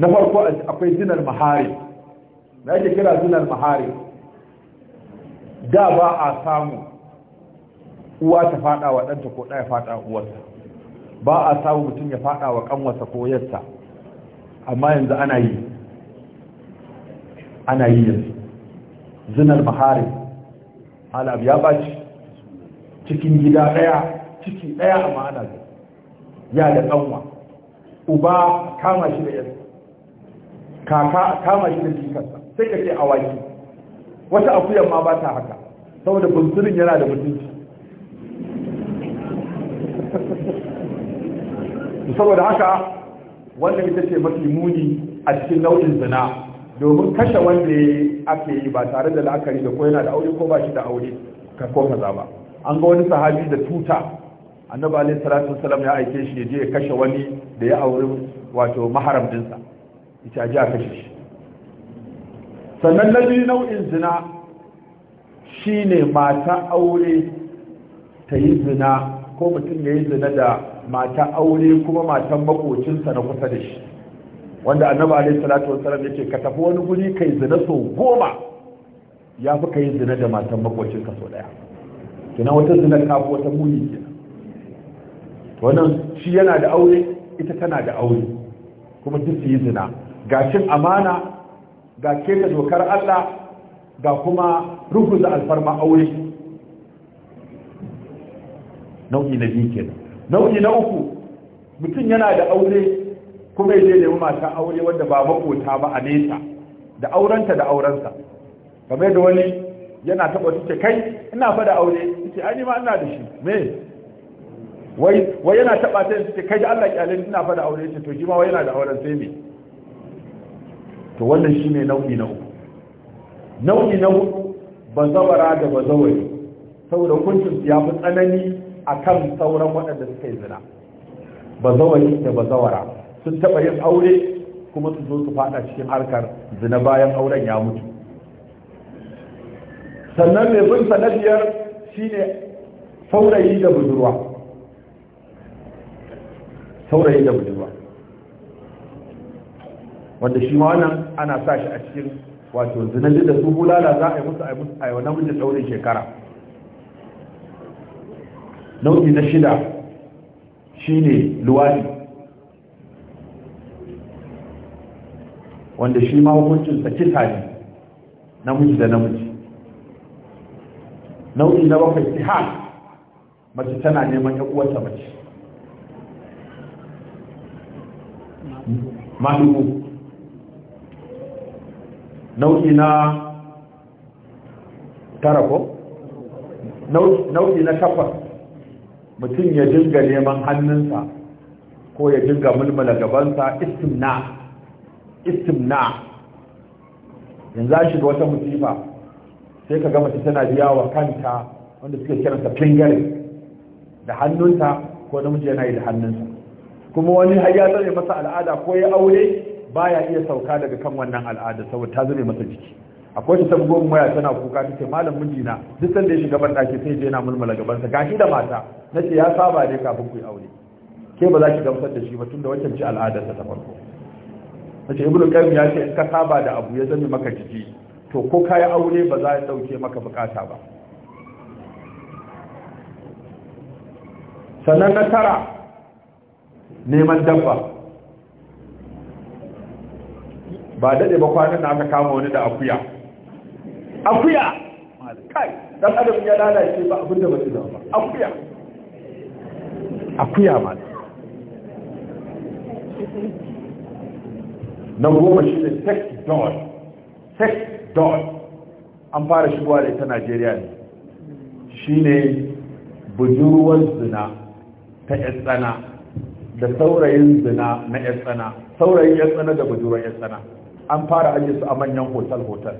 na farko akwai zinar mahari na yake kira zinar mahari da ba a samu uwa ta fada wa ɗanta ko ɗaya fada uwarsa ba a samu mutum ya fada wa ƙanwarsa ko yarsa amma yanzu ana yi ana yi yanzu zinar mahari alab ya baci cikin gida ɗaya ciki ɗaya a ana gani ya da ɗanwa uba kama shi da yadda. kaka kama shi da jikarsa sai ka ce awaki wata akuyan ma ba ta haka saboda bunturin yana da mutunci saboda haka wannan ita ce mafi muni a cikin nau'in zina domin kashe wanda ake yi ba tare da la'akari da ko yana da aure ko ba shi da aure ka ko kaza ba an ga wani sahabi da tuta annabi alayhi salatu wasallam ya aike shi ya je ya kashe wani da ya aure wato maharam dinsa ita ji a kashe shi sannan na biyu nau'in zina shine mata aure ta yi zina ko mutum ya yi zina da mata aure kuma matan makocinsa na kusa da shi wanda annabi alayhi salatu wasallam yake ka tafi wani guri kai zina so goma ya fi ka yi zina da matan makocinka so daya kina wata zina ka wata muni kina wannan shi yana da aure ita tana da aure kuma duk su yi zina ga cin amana ga keta dokar Allah ga kuma ruguza alfarma aure nau'i na biyu nau'i na uku mutum yana da aure kuma ya nemi mata aure wanda ba makota ba a nesa da aurenta da aurensa kamar da wani yana taɓa ce kai ina fa aure ce ai ina da shi mai wai wai yana taba ta yanzu kai da Allah kyale ina fa da aure ce to shi ma wai yana da auren sai me to wannan shine nau'i na uku nau'i na uku bazawara da bazawari saboda hukuncin ya fi tsanani akan sauran waɗanda suka yi zina bazawari da bazawara sun taba yin aure kuma su zo su fada cikin harkar zina bayan auren ya mutu sannan mai bin sanadiyar shine saurayi da budurwa saurayi da budurwa wanda shi ma wannan ana sa shi a cikin wato zinajin da su bulala za a yi musu a yi musu a yi wa namijin ɗaurin shekara nau'i na shida shine luwadi wanda shi ma hukuncinsa kisa ne namiji da namiji nau'i na bakwai tihar mace tana neman ya uwarta mace madubu nau'i na tara ko nau'i na takwas mutum ya dinga neman hannunsa ko ya dinga mulmula gabansa istimna istimna yanzu an shiga wata musifa sai ka gama mace tana biya wa kanta wanda suke kiransa fingering da hannunta ko namiji yana yi da hannunsa kuma wani har ya zame masa al'ada ko ya aure baya iya sauka daga kan wannan al'ada saboda ta zame masa jiki akwai ta tabgon waya tana kuka ce malam mijina duk sanda ya shiga ban ɗaki sai je yana mulmula gaban sa gashi da mata na ce ya saba ne kafin ku yi aure ke ba za ki gamsar da shi ba tunda wancan ci al'adar ta farko ce ibnu qayyim ya ce in ka saba da abu ya zame maka jiki to ko kai aure ba za ya dauke maka bukata ba sannan na tara neman dabba ba daɗe ba kwanan da aka kama wani da akuya akuya kai dan adam ya lalace ba abinda ba su zama akuya akuya ma na goma shi ne sex doll sex doll an fara shigowa da ita najeriya ne shi ne budurwar zina ta 'yan tsana da saurayin zina na ƴan tsana saurayin ƴan tsana da bujuran ƴan tsana an fara aje su a manyan hotel hotel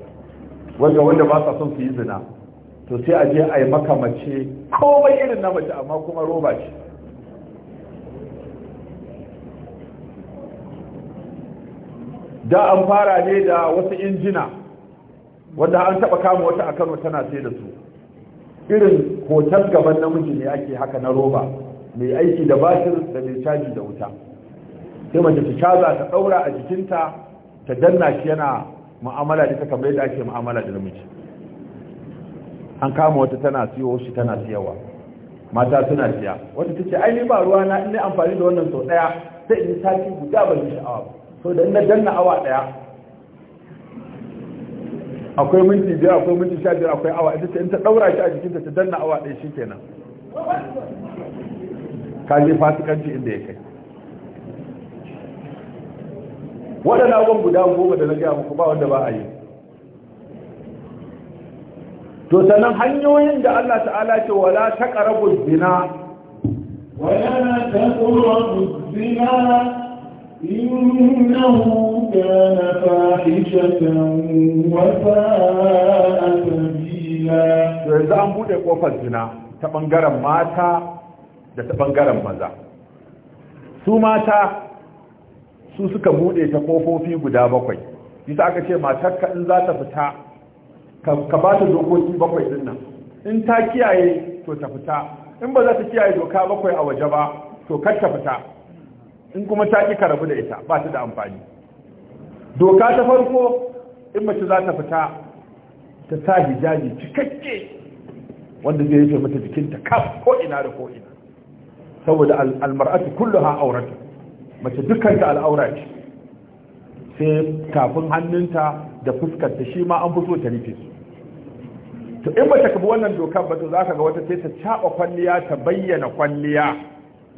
wanda wanda ba sa son su yi zina to sai a je a yi maka mace komai irin na mace amma kuma roba ce da an fara ne da wasu injina wanda an taba kama wata a kano tana sai da su irin hotel gaban namiji ne ake haka na roba mai aiki da batir da mai caji da wuta sai mace ta caza ta daura a jikinta ta danna shi yana mu'amala da ta kamar yadda ake mu'amala da namiji an kama wata tana siyo shi tana siyawa mata suna siya wata tace ai ni ba ruwa na in amfani da wannan sau daya sai in sati guda ban shi ba so da ina danna awa daya akwai minti biyar akwai minti sha biyar akwai awa ita ce in ta daura shi a jikinta ta danna awa daya shikenan kaje fasikanci inda ya kai waɗanda abubuwan guda goma da na gaya muku ba wanda ba a yi to sannan hanyoyin da Allah ta'ala ce wala ta ƙarabu zina wala ta ƙarabu zina innahu kana fahishatan wa fa'a sabila to yanzu an buɗe ƙofar zina ta ɓangaren mata da ta bangaren maza su mata su suka bude ta kofofi guda bakwai bisa aka ce matar ka in za ta fita ka ba ta dokoki bakwai din nan in ta kiyaye to ta fita in ba za ta kiyaye doka bakwai a waje ba to kar ta fita in kuma ta ki karabu da ita ba ta da amfani doka ta farko in mace za ta fita ta sa hijabi cikakke wanda zai yi mata jikinta kaf ko ina da ko ina saboda almar'atu kulluha auratu mace dukkan ta al'aura ce sai kafin hannunta da fuskar ta shi ma an fito ta rufe su to in mace ka bi wannan dokar ba to zaka ga wata sai ta caba kwalliya ta bayyana kwalliya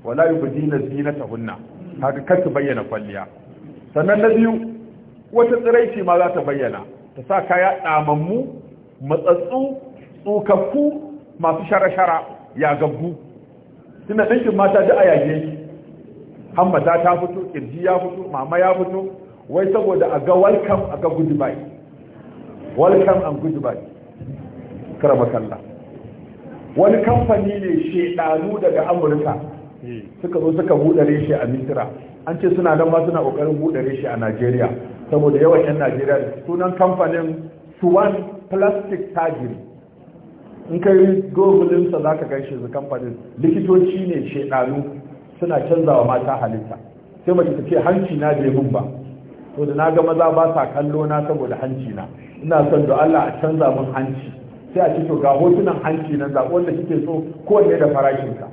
wala yubdina Ta haka kar ta bayyana kwalliya sannan na biyu wata tsiraici ma za ta bayyana ta sa kaya ɗamammu matsatsu tsokakku masu shara-shara ya gaggu suna ɗinkin mata da a yage hammata ta fito kirji ya fito mama ya fito wai saboda a ga welcome a ga goodbye welcome and goodbye karama kalla wani kamfani ne shedanu daga amurka suka zo suka buɗe reshe a misira an ce suna nan ma suna ƙoƙarin buɗe reshe a najeriya saboda yawan 'yan najeriya sunan kamfanin suwan plastic surgery in ka yi sa za ka shi su kamfanin likitoci ne shekaru suna canzawa mata halitta sai mace ta ce hanci na bai mun ba to da na ga maza ba sa kallo na saboda hanci na ina son da Allah a canza mun hanci sai a ce to ga hotunan hanci nan da wanda kike so ko ne da ka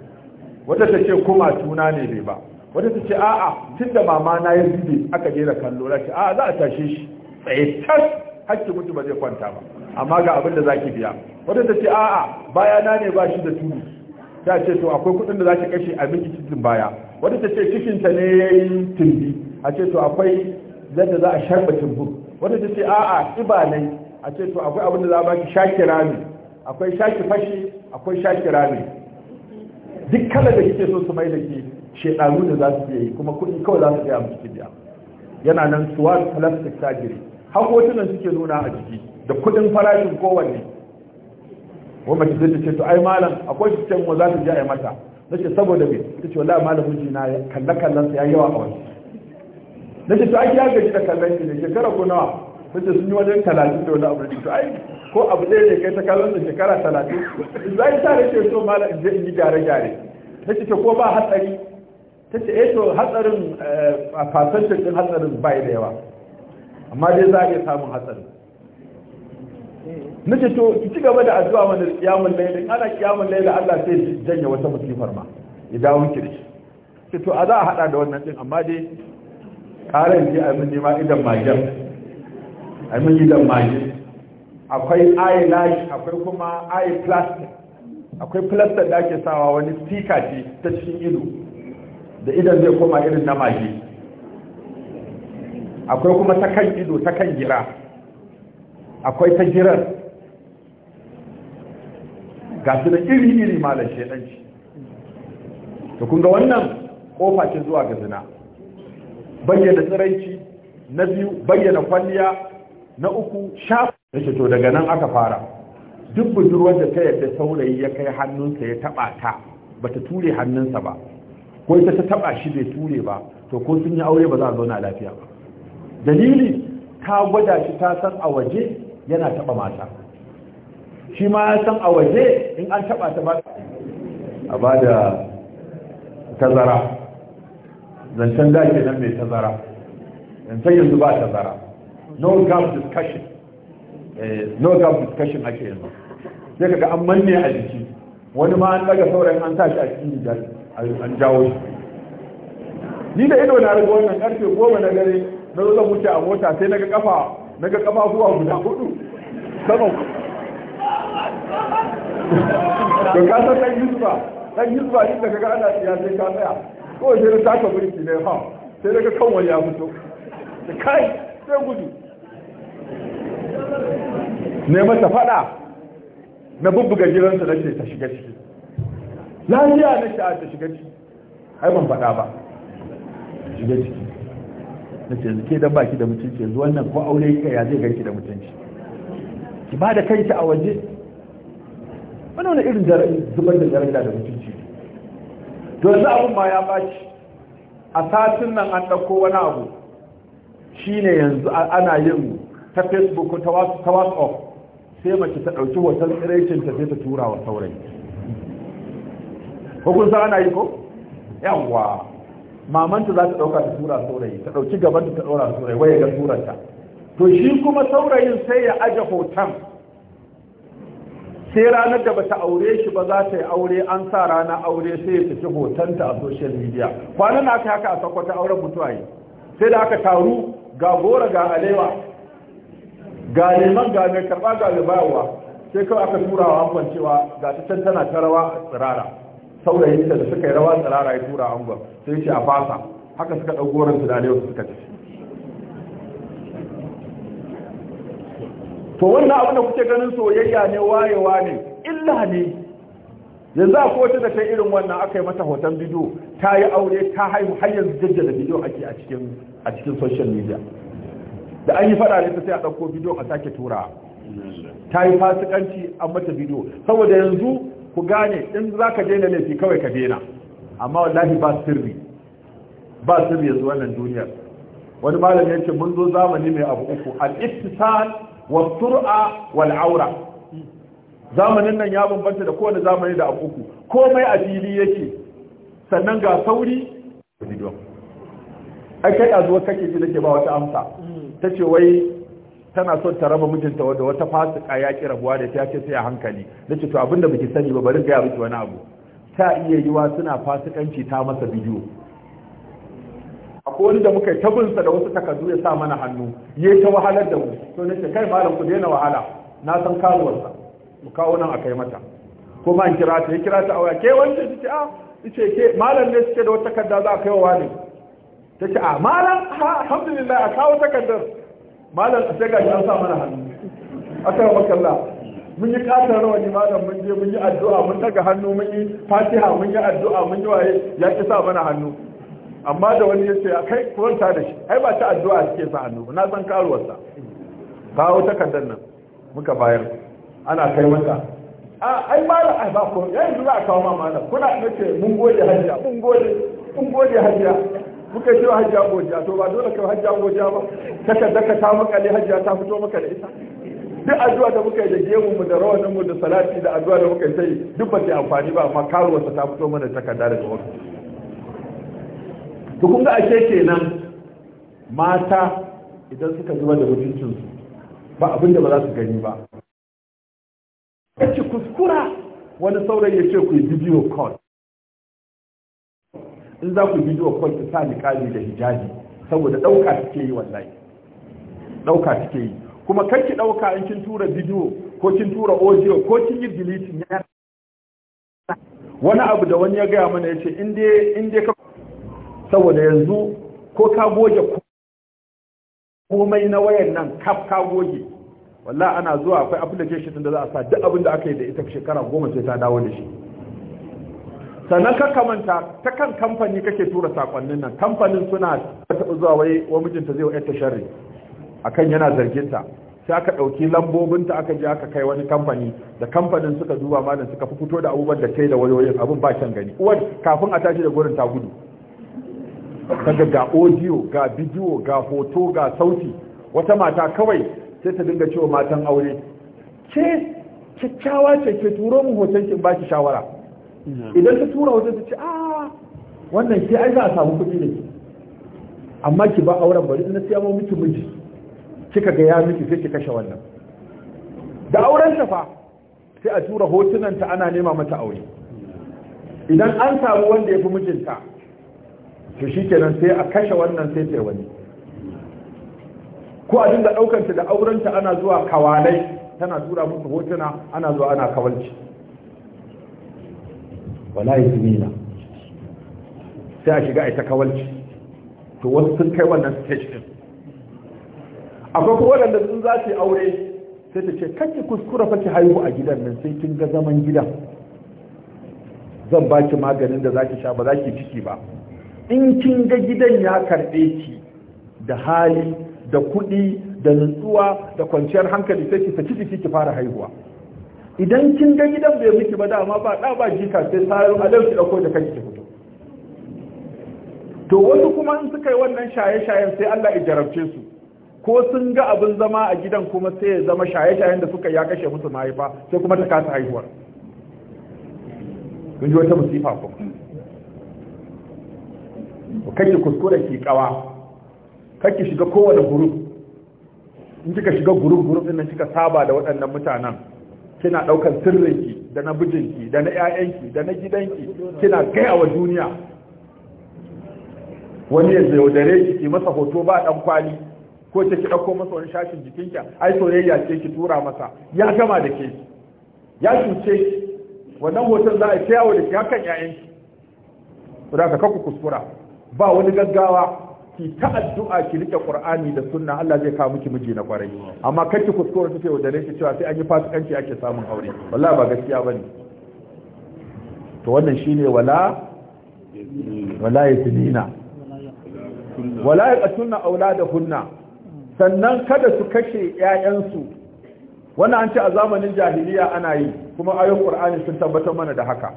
wata ta ce kuma tuna ne bai ba wata ta ce a'a tun da mama na ya zube aka jera kallo na ce a'a za a tashe shi tsaye tas hakki mutu ba zai kwanta ba amma ga abin da zaki biya wadanda ce a'a baya na ne ba shi da tudu ta ce to akwai kudin da zaki kashe a miki cikin baya wadanda ce cikin ta ne yayi tumbi a ce to akwai zanda za a sharba tumbu wadanda ce a'a iba ne a ce to akwai abin da za ba shaki rami akwai shaki fashi akwai shaki rami duk kala da kike so su mai da ke shedanu da za su yi kuma kudi kawai za su biya miki biya yana nan suwa plastic surgery hakotunan suke nuna a jiki da kudin farashin kowanne wanda ta zai ce to ai malam akwai shi can za ta je a mata nace saboda me ta ce wallahi malamin ji na kalla kallon sa yayi yawa a wani nace to ai ya gaji da kallon ki ne shekara ko nawa nace sun yi wajen 30 da wani abu to ai ko abu ɗaya ne kai ta kallon da shekara 30 zai sa nake so malam in je in yi gyare gyare nace to ko ba hatsari ta ce eh, to hatsarin eh, a fasantar din hatsarin bai da yawa amma dai za a iya samun hatsarin na ce to ki ci gaba da addu'a wani kiyamun lailin ana kiyamun lailin Allah sai janye wata musifar ma ya dawo ki da shi ce to a za a hada da wannan din amma dai karin ji a mun nema idan magen a mun dan magen akwai eye lash akwai kuma eye plastic akwai plastic da ake sawa wani stika ce ta cikin ido da idan zai koma irin na mage akwai kuma ta kan ido ta kan gira akwai ta girar ga su da iri-iri malar shaidanci to kun ga wannan kofa ce zuwa ga zina bayyana tsiraici na biyu bayyana kwalliya na uku shafa da to daga nan aka fara duk budurwar da ta yadda saurayi ya kai hannunsa ya taba ta ba ta ture hannunsa ba ko ita ta taba shi bai ture ba to ko sun yi aure ba za a zauna lafiya ba dalili ta gwada shi ta san a waje yana taba mata shi ma ya san a waje in an taba ta ba a ba da tazara zancen da ke nan mai tazara zancen yanzu ba tazara no gap discussion eh, no gap discussion ake yanzu sai kaga an manne a jiki wani ma an daga saurayin an shi a cikin jari an jawo shi ni da ido na riga wannan karfe goma na gare na zo zan wuce a mota sai na ga kafa na ga huwa guda hudu saman ku ka san ɗan yusufa ɗan yusufa yin da kaga ana tsiya sai ka tsaya ko sai da taka birki ne ha sai daga kan wani ya fito da kai sai gudu ne ta faɗa na bubbuga gidansa na ce ta shiga ciki lafiya na sha'ar ta shiga ciki ai ban faɗa ba shiga ciki na ce ke dan baki da mutunci yanzu wannan ko aure yi ya zai ganki da mutunci ki ba da kanki a waje wannan wani irin zubar da daraja da mutunci to yanzu abun ma ya baci a satin nan an dauko wani abu shine yanzu ana yin ta facebook ta whatsapp sai mace ta ɗauki hoton tsiraicin ta sai ta tura wa saurayi hukunsa ana yi ko yawwa mamanta za ta ɗauka ta tura saurayi ta ɗauki gaban ta ɗora saurayi waye ga turanta to shi kuma saurayin sai ya aje hoton sai ranar da bata aure shi ba za ta yi aure an sa rana aure sai ya saki hotonta a social media kwanan na ta haka a sakwata auren mutuwa sai da aka taru ga gora ga alewa ga neman ga mai karɓa ga mai bayarwa sai kawai aka turawa an kwancewa ga ta can tana ta rawa a tsirara saurayinta da suka yi rawa tsirara ya tura angon sai ce a fasa haka suka ɗau goron su da alewa suka ci to wannan abin da kuke ganin soyayya ne wayewa ne illa ne yanzu a wata da ta irin wannan aka yi mata hoton bidiyo ta yi aure ta haihu har yanzu jaddada bidiyo ake a cikin a cikin social media da an yi fada ne ta sai a ɗauko bidiyo a sake tura ta yi fasikanci an mata bidiyo saboda yanzu ku gane in za ka daina laifi kawai ka daina amma wallahi ba sirri ba sirri yanzu wannan duniyar wani malam ya ce mun zo zamani mai abu uku al-ittisal wa sur'a wal aura zamanin nan ya bambanta da kowane zamani da abu uku komai a fili yake sannan ga sauri a kai a kake ji nake ba wata amsa ta wai tana so ta raba mijinta wanda wata fasika ya ki rabuwa da ta ce sai a hankali ce to abinda baki sani ba bari ga miki wani abu ta iya yiwa suna fasikanci ta masa bidiyo akwai wani da muka tabinsa da wasu takardu ya sa mana hannu ya ta wahalar da mu to ce kai malam ku daina wahala na san karuwarsa mu kawo nan akai mata ko ma in kira ta ya kira ta a waya ke wanda ta ce ah. a ce ke malam ne suke da wata takarda za a kai wa wani ta ce a ah, malam alhamdulillah a kawo takardar malam sai gashi an sa mana hannu kai wa kalla. mun yi katon rawa ne malam mun je mun yi addu'a mun daga hannu mun yi fatiha mun yi addu'a mun yi waye ya ki sa mana hannu amma da wani ya ce kai kuranta da shi ai ba ta addu'a suke sa hannu na san sa. kawo takardar nan muka bayar ana kai mata a ai malam ai ba ko yanzu za a kawo ma malam kuna nace mun gode hajiya mun gode mun gode hajiya kuka shi hajji abuja to ba dole kai hajji abuja ba takarda ka ta makale hajji ta fito maka da ita duk addu'a da muka yi da gemu mu da rawanin mu da salati da addu'a da muka yi sai duk ba ta amfani ba amma karuwar ta fito mana takarda da tsawon to kun ga ashe kenan mata idan suka zuba da mutuncin su ba abin da ba za su gani ba kace kuskura wani saurayi ya ce ku yi video call in za ku bidiyo kwan ta sa niƙali da hijabi saboda ɗauka take yi wallahi ɗauka take yi kuma kan ki ɗauka in kin tura bidiyo ko kin tura audio ko kin yi deleting ya wani abu da wani ya gaya mana ya ce in dai ka saboda yanzu ko ka goge komai na wayar nan kaf ka goge wallahi ana zuwa akwai application da za a sa duk abin da aka yi da ita shekara goma sai ta dawo da shi sannan ka kamanta ta kan kamfani kake tura sakonnin nan kamfanin suna taɓa zuwa wai wa mijinta zai wa ta sharri kan yana zarginta sai aka ɗauki lambobinta aka je aka kai wani kamfani da kamfanin suka duba malam suka fi fito da abubuwan da kai da wayoyin abin ba kyan gani uwar kafin a tashi da gurin ta gudu daga ga audio ga bidiyo ga hoto ga sauti wata mata kawai sai ta dinga cewa matan aure ke kyakkyawa ce ke turo mu hoton kin ki shawara idan ka tura wata ta ce a ah, wannan ke ai za a samu kuɗi ne amma ki ba auren bari na siya ma miki miji kika ga ya miki sai ki kashe wannan da auren ta fa sai a tura hotunanta ana nema mata aure idan an samu wanda ya fi mijinta to shi kenan sai a kashe wannan sai ta wani ko a dinga ɗaukanta da aurenta ana zuwa kawalai tana tura musu hotuna ana zuwa ana kawalci wala yasmina sai a shiga a ta kawalci to wasu sun kai wannan stage din akwai kuma wanda sun za su aure sai ta ce kake kuskura fa ki haihu a gidan nan sai kin ga zaman gidan zan baki maganin da zaki sha ba ki ciki ba in kin ga gidan ya karbe ki da hali da kuɗi da nutsuwa da kwanciyar hankali sai ki saki jiki ki fara haihuwa idan kin ga gidan bai miki ba dama ba da ba jika sai sayo a dauki ɗauko da kanki ki fito to wasu kuma in suka yi wannan shaye-shayen sai Allah ya jarabce su ko sun ga abin zama a gidan kuma sai ya zama shaye-shayen da suka ya kashe musu mahaifa sai kuma ta kasa haihuwar kun ji wata musifa kuma kake kuskure ki kawa kake shiga kowane guruf in kika shiga guruf guruf din nan kika saba da waɗannan mutanen kina daukar sirrinki da na bijinki da na ƴaƴanki da na gidanki kina gaya duniya wani ya yaudare ki ki masa hoto ba dan kwali ko ta ki dauko masa wani shashin jikinka ai soyayya ce ki tura masa ya gama da ke ya cuce wannan hoton za a yawo a shi hakan ƴaƴanki saboda ka kuskura ba wani gaggawa ki ta addu'a ki rike qur'ani da sunna Allah zai kawo miki miji na kwarai amma kar ki kuskure kike wa dare cewa sai an yi fasikanci ake samun aure wallahi ba gaskiya bane to wannan shine wala wala yatinina wala yaqtulna auladahunna sannan kada su kashe ƴaƴansu wannan an ce a zamanin jahiliya ana yi kuma ayoyin qur'ani sun tabbatar mana da haka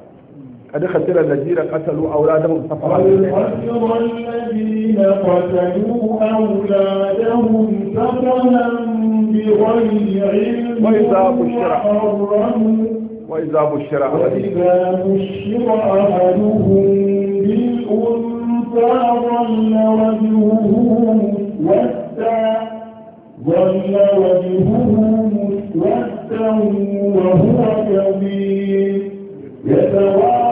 قد خسر الذين قتلوا أولادهم سفرا خسر الذين قتلوا أولادهم سفرا بغير علم وإذا بشر وإذا بشر وإذا بشر بالأنثى ظل وجهه مسودا ظل وجهه مسودا وهو كبير يتوارى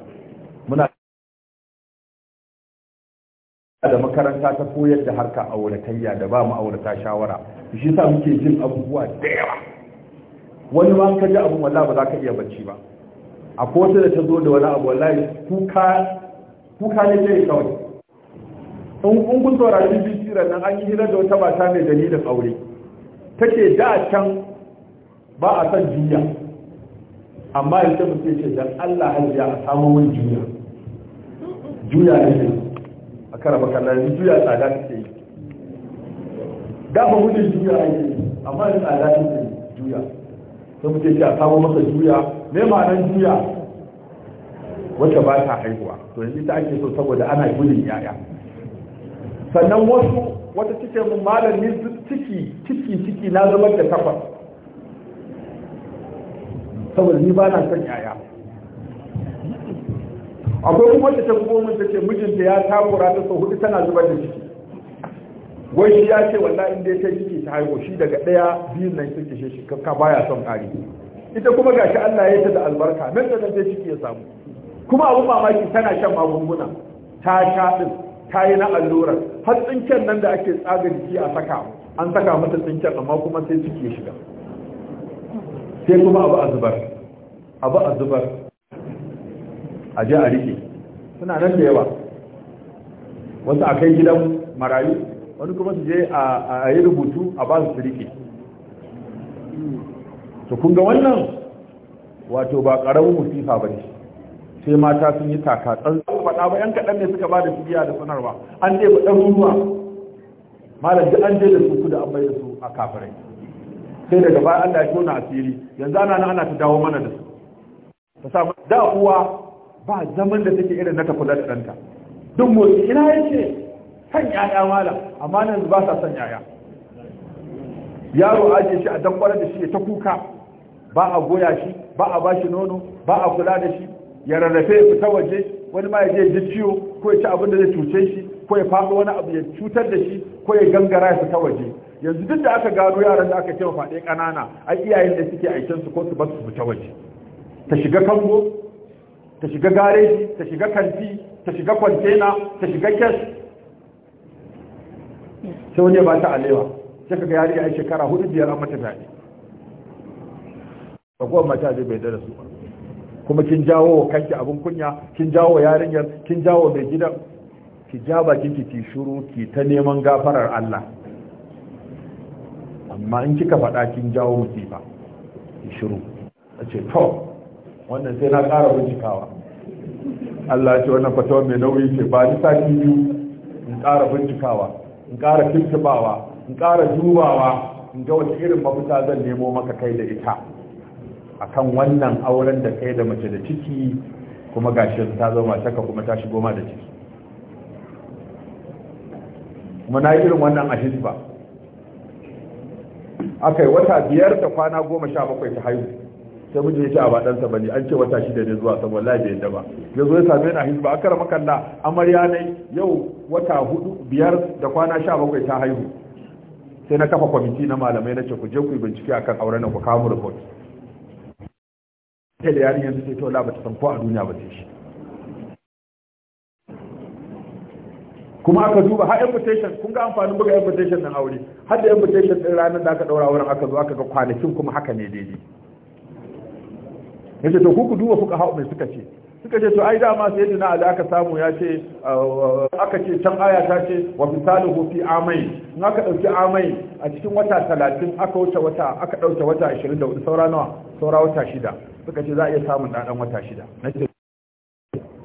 muna da makaranta ta koyar da harka auratayya da ba mu aurata shawara shi sa muke jin abubuwa da yawa wani ma ka ji abun wallahi ba za ka iya bacci ba a kotu da ta zo da wani abu wallahi kuka kuka ne zai kawai in kun saurari tsira nan an yi hira da wata mata mai dalilin aure take da can ba a san jiya. amma yanzu mutum ce dan Allah hajiya a samun wani jiya juya ne a kara na yi juya tsada take yi da ba mutum juya ne yi amma ni tsada take juya sai muke ce a samu masa juya me nan juya wacce ba ta haihuwa to yanzu ta ake so saboda ana gudun yaya sannan wasu wata cike mun malam ni ciki ciki ciki na zama da takwas saboda ni ba na son yaya akwai kuma wacce ta bugo mun tace mijinta ya takura ta sau hudu tana zubar da ciki wai shi ya ce wallahi in dai ta ciki ta haihu shi daga daya biyun nan sun kishe shi ka baya son kari ita kuma gashi Allah ya yi ta da albarka nan da nan sai ciki ya samu kuma abu mamaki tana shan magunguna ta sha din ta yi na allurar har tsinken nan da ake tsaga jiki a saka an saka mata tsinken amma kuma sai ciki ya shiga sai kuma abu a zubar abu a zubar a je a rike suna nan da yawa wasu a kai gidan marayu wani kuma su je a yi rubutu a ba su rike to kun ga wannan wato ba ƙaramin musifa ba ne sai mata sun yi taka tsantsan faɗa ba yan kaɗan ne suka ba da biya da sanarwa an je ɗan ruwa malam ji an je da su kuda an bai da su a kafirai sai daga baya da ya tona asiri yanzu ana nan ana ta dawo mana da su ta sa da uwa ba zaman da take irin na ta kula da danta, duk motsi ina yake san yaya malam amma nan ba sa san yaya yaro aje shi a dankwarar da shi ta kuka ba a goya shi ba a bashi nono ba a kula da shi ya rarrafe ya fita waje wani ma ya je ji ciwo ko ya ci abin da zai cuce shi ko ya faɗo wani abu ya cutar da shi ko ya gangara ya fita waje yanzu duk da aka gano yaran da aka ce wa faɗe ƙanana ai iyayen da suke aikin su ko su ba su fita waje ta shiga kango ta shiga gareji ta shiga kanti ta shiga kwantena ta shiga kes sai wani ba ta alewa sai kaga yari a shekara hudu biyar an mata fyaɗe ba kuwa mata zai bai da su ba kuma kin jawo wa kanki abin kunya kin jawo yarinyar kin jawo mai gidan ki ja bakin ki ki shuru ki ta neman gafarar Allah amma in kika faɗa kin jawo musifa ki shuru a ce to wannan sai na ƙara bincikawa Allah ce wannan fatawa mai nauyi ce ba ni sati biyu in ƙara bincikawa in ƙara tuntubawa in ƙara dubawa in ga wata irin mafita zan nemo maka kai da ita akan wannan auren da kai da mace da ciki kuma gashi ta zo mataka kuma ta shigo ma da ciki kuma na irin wannan a hisba akai wata biyar da kwana goma sha bakwai ta haihu sai mijin ya a ba ɗansa bane ne an ce wata shida ne zuwa sama wallahi bai yadda ba ya zo ya same ni a hisba akara makalla amarya ne yau wata hudu biyar da kwana sha bakwai ta haihu sai na kafa kwamiti na malamai na ce ku je ku yi bincike akan auren nan ku kawo mu report sai da yarinyar yanzu ce to la ba ta san ko a duniya ba ce shi kuma aka duba har invitation kun ga amfanin buga invitation nan aure har da invitation din ranar da aka daura wurin aka zo aka ga kwanakin kuma haka ne daidai yace to ku ku duba fuka hawo mai suka ce suka ce to ai dama sai dina ali aka samu ya ce uh, aka ce can aya ta ce wa misaluhu fi amai in aka dauki amai a cikin wata 30 aka wuce wata aka dauke wata 24 saura nawa saura wata shida suka ce za a iya samun dadan wata shida nace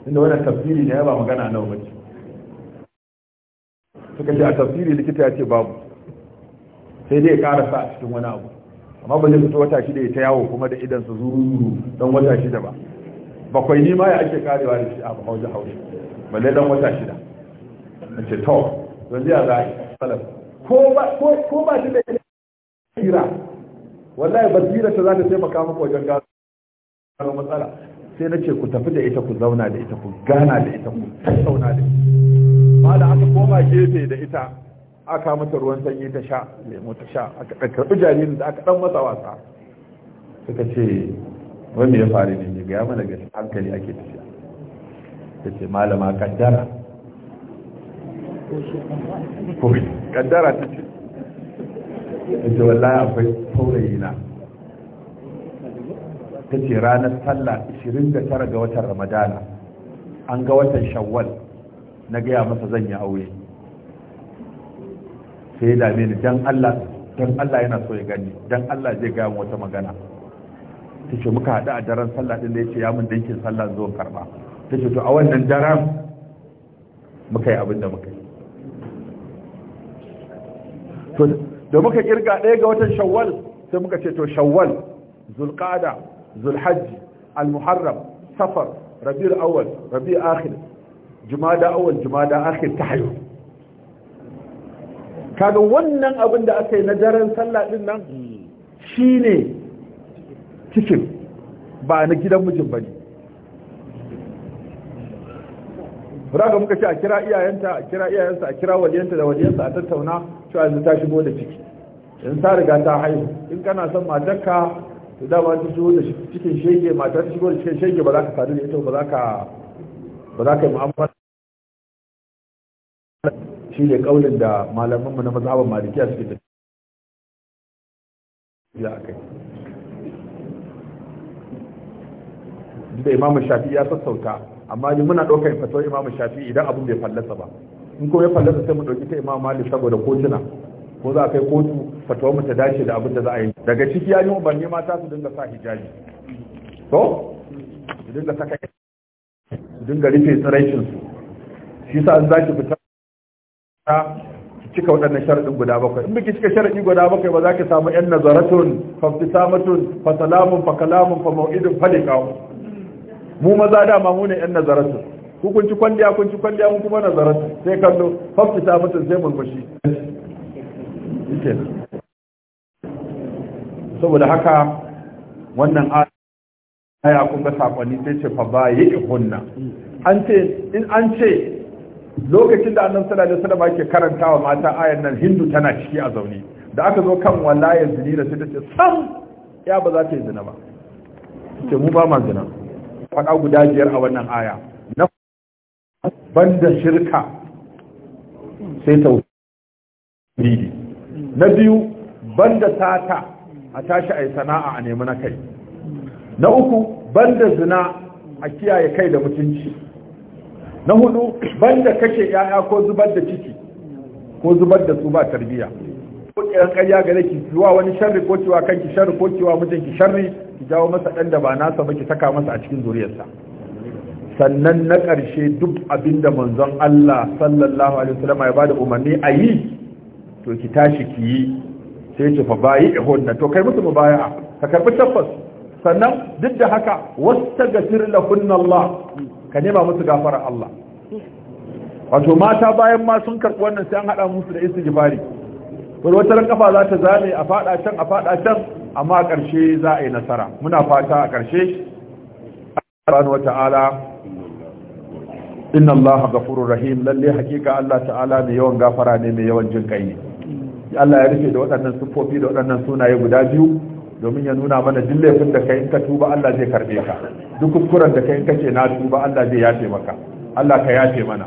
inda wannan tafsiri ne ba magana nawa bace suka ce a tafsiri likita ya ce babu sai dai ya karasa a cikin wani abu amma ba zai fito wata shida ya ta yawo kuma da idan su zuru zuru don wata shida ba bakwai ni ma ya ake karewa da shi a hausa hausa balle don wata shida a ce to yanzu ya za a yi salaf ko ba shi da basira wallahi basira ta za ta taimaka muku wajen gano matsala sai na ce ku tafi da ita ku zauna da ita ku gana da ita ku tattauna da ita ma da aka koma gefe da ita aka mata ruwan sanyi ta sha lemo ta sha aka karɓi jaririn da aka ɗan masa wasa suka ce wanda ya faru ne ga mana ga hankali ake tafiya ta ce malama kaddara kaddara ta ce ta ce wallahi akwai saurayi na ta ce ranar sallah 29 ga watan ramadana an ga watan shawwal na gaya masa zan yi aure sai ya dame ni dan Allah dan Allah yana so ya gani dan Allah zai ga wata magana tace muka hada a daren sallah din da yace ya mun dinkin sallah zuwa karba tace to a wannan daren muka yi abin da muka yi to da muka kirga ɗaya ga watan shawwal sai muka ce to shawwal zulqada al almuharram safar rabi'ul awwal rabi'ul akhir jumada awwal jumada akhir tahayyu kaga wannan abin da aka yi na daren sallah din nan shine cikin ba na gidan mijin bane raga muka ce a kira iyayenta a kira iyayensa a kira waliyanta da waliyansa a tattauna cewa yanzu ta shigo da ciki in ta riga ta haihu in kana son matarka to dama ta shigo da cikin shege matar ta shigo da cikin shege ba za ka sadu da ita ba za ka ba za ka yi mu'amala shi ne kaulin da malamanmu na mazhaban maliki suke da a kai da imamu shafi ya sassauta amma ni muna ɗaukar fatawar imamu shafi idan abin bai fallasa ba in kuma ya fallasa sai mu ɗauki ta imamu malik saboda kotuna ko za a kai kotu fatawar mu ta dace da abin da za a yi daga ciki ya yi umarni mata su dinga sa hijabi to su dinga saka su dinga rufe su shi sa an za ki fita cika waɗannan sharaɗin guda bakwai in biki cika sharaɗi guda bakwai ba za ki samu yan nazaratun fa samatun fa salamun fa kalamun fa mau'idun fa kawo mu maza dama mu ne yan nazaratun ku kwandiya ci kwalliya kun ci kwalliya mu kuma nazaratun sai kallo fafi samatun sai murmushi saboda haka wannan aya kun ga sakonni sai ce fa bayi hunna an ce in an ce lokacin da annabi sallallahu alaihi wasallam yake karantawa mata ayan nan hindu tana ciki a zaune da aka zo kan wallahi da sai ta ce sam ya ba za ta yi zina ba ce mu ba ma zina faɗa guda biyar a wannan aya na banda shirka sai ta wuce. na biyu banda sata a tashi a yi sana'a a nemi na kai na uku banda zina a kiyaye kai da mutunci na hudu banda kake yaya ko zubar da ciki ko zubar da su ba tarbiya ko kiran ƙarya gare ki zuwa wani sharri ko cewa kanki sharri ko cewa ki sharri ki jawo masa dan da ba nasa ba ki saka masa a cikin zuriyarsa sannan na ƙarshe duk abin da manzon Allah sallallahu alaihi wasallam ya bada umarni a yi to ki tashi ki yi sai ki fa bayi ihunna to kai musu mubaya'a ka karbi tabbas sannan duk da haka wasta gafir lahunna Allah ka nema musu gafara Allah wato mata bayan ma sun karɓi wannan sai an haɗa musu da Jibari? Wani wata kafa za ta zame a fada can a fada can amma a ƙarshe za a yi nasara muna fata a ƙarshe subhanahu wata'ala inna Allah ghafurur rahim lalle hakika Allah ta'ala mai yawan gafara ne mai yawan jin kai Allah ya rufe da waɗannan sufofi da waɗannan sunaye guda biyu domin ya nuna mana duk laifin da kai in ka tuba Allah zai karbe ka duk kuskuren da kai in kace na tuba Allah zai yafe maka Allah ka yafe mana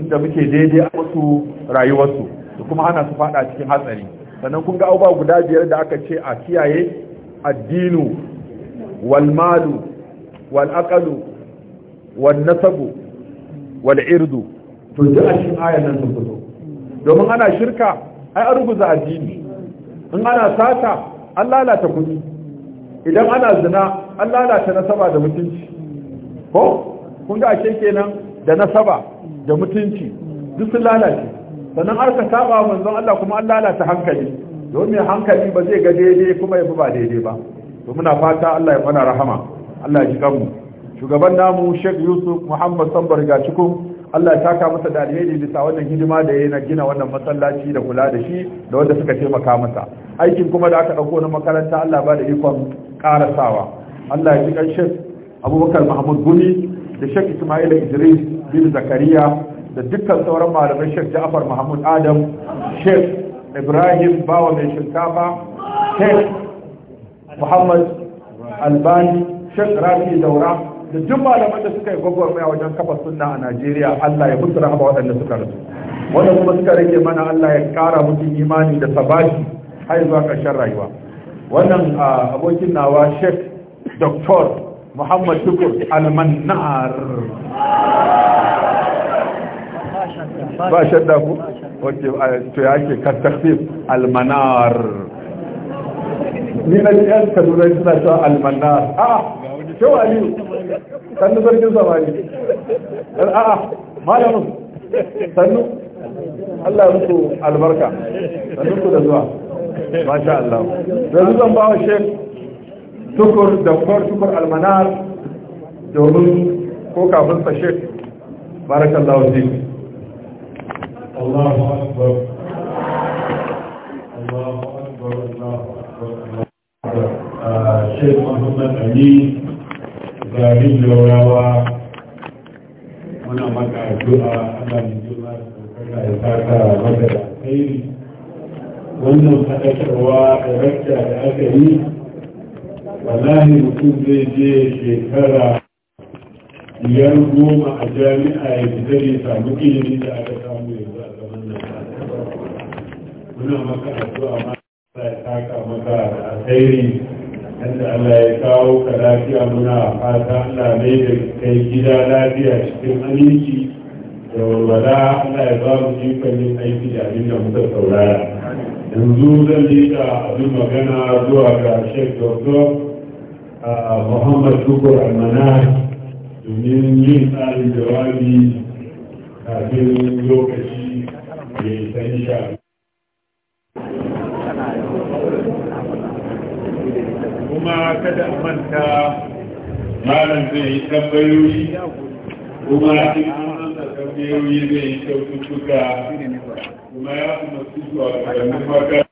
inda muke daidai a wasu rayuwarsu da kuma ana su fada cikin hatsari sannan kun ga abubuwa guda biyar da aka ce a kiyaye addinu wal malu wal aqalu wal nasabu wal irdu to duk a cikin ayan nan sun fito domin ana shirka ai an addini in ana sata an lalata kuɗi idan ana zina an lalata nasaba da mutunci ko kun ga ake kenan da nasaba da mutunci duk sun lalace sannan arka saba manzon Allah kuma an lalata hankali domin hankali ba zai ga daidai kuma ya fi ba daidai ba to muna fata Allah ya mana rahama Allah ya ji kanmu shugaban namu Sheikh Yusuf Muhammad Sambar ga cikin Allah ya taka masa da alheri bisa wannan hidima da yayi na gina wannan masallaci da kula da shi da wanda suka taimaka masa aikin kuma da aka dauko na makaranta Allah ba da ikon karasawa Allah ya ji kanshin Abubakar Muhammad Gumi da Sheikh Ismail Idris bin Zakariya da dukkan sauran malamai Sheikh Ja'far Muhammad Adam Sheikh Ibrahim Bawa mai shinkafa Sheikh Muhammad Albani Sheikh Rafi Daura da duk malaman da suka yi gwagwarmaya wajen kafa sunna a Najeriya Allah ya musu rahama waɗanda suka rasu wanda kuma suka rage mana Allah ya ƙara musu imani da sabaki har zuwa ƙarshen rayuwa wannan abokin nawa Sheikh Dr. Muhammad Tukur Almanar. ba shadda ku wacce to yake kan takfif Almanar ni na ji yan kaduna suna cewa almanar a ah, cewa aliyu sannu sarkin samari a'a malamin sannu Allah muku albarka sannu ku da zuwa masha Allah yanzu zan ba wa shek tukur da kwar tukur almanar domin ko kafin sa shek barakallahu fi Allahu akbar Allahu akbar Allahu akbar Sheikh Muhammad Ali garin laurawa muna maka addu'a ana mai juna da ya saka maka da alkhairi wannan haɗakarwa da rakka da aka yi wallahi mutum zai je shekara biyar goma a jami'a ya fita ne samu ilimi da aka samu yanzu zuwa zaman nan muna maka addu'a ma ya saka maka da alkhairi yadda Allah ya kawo ka lafiya muna fata Allah ne da kai gida lafiya cikin aminci da walwala Allah ya ba mu jikon yin aiki da abin da muka saurara yanzu zan yi ta abin magana zuwa ga Sheikh Dr. Muhammad Tukur Almanar domin yin tsarin jawabi kafin lokaci ya yi san kuma kada manta malam zai yi tambayoyi kuma cikin amsa tambayoyi zai yi kyaututtuka kuma ya kuma su zuwa ga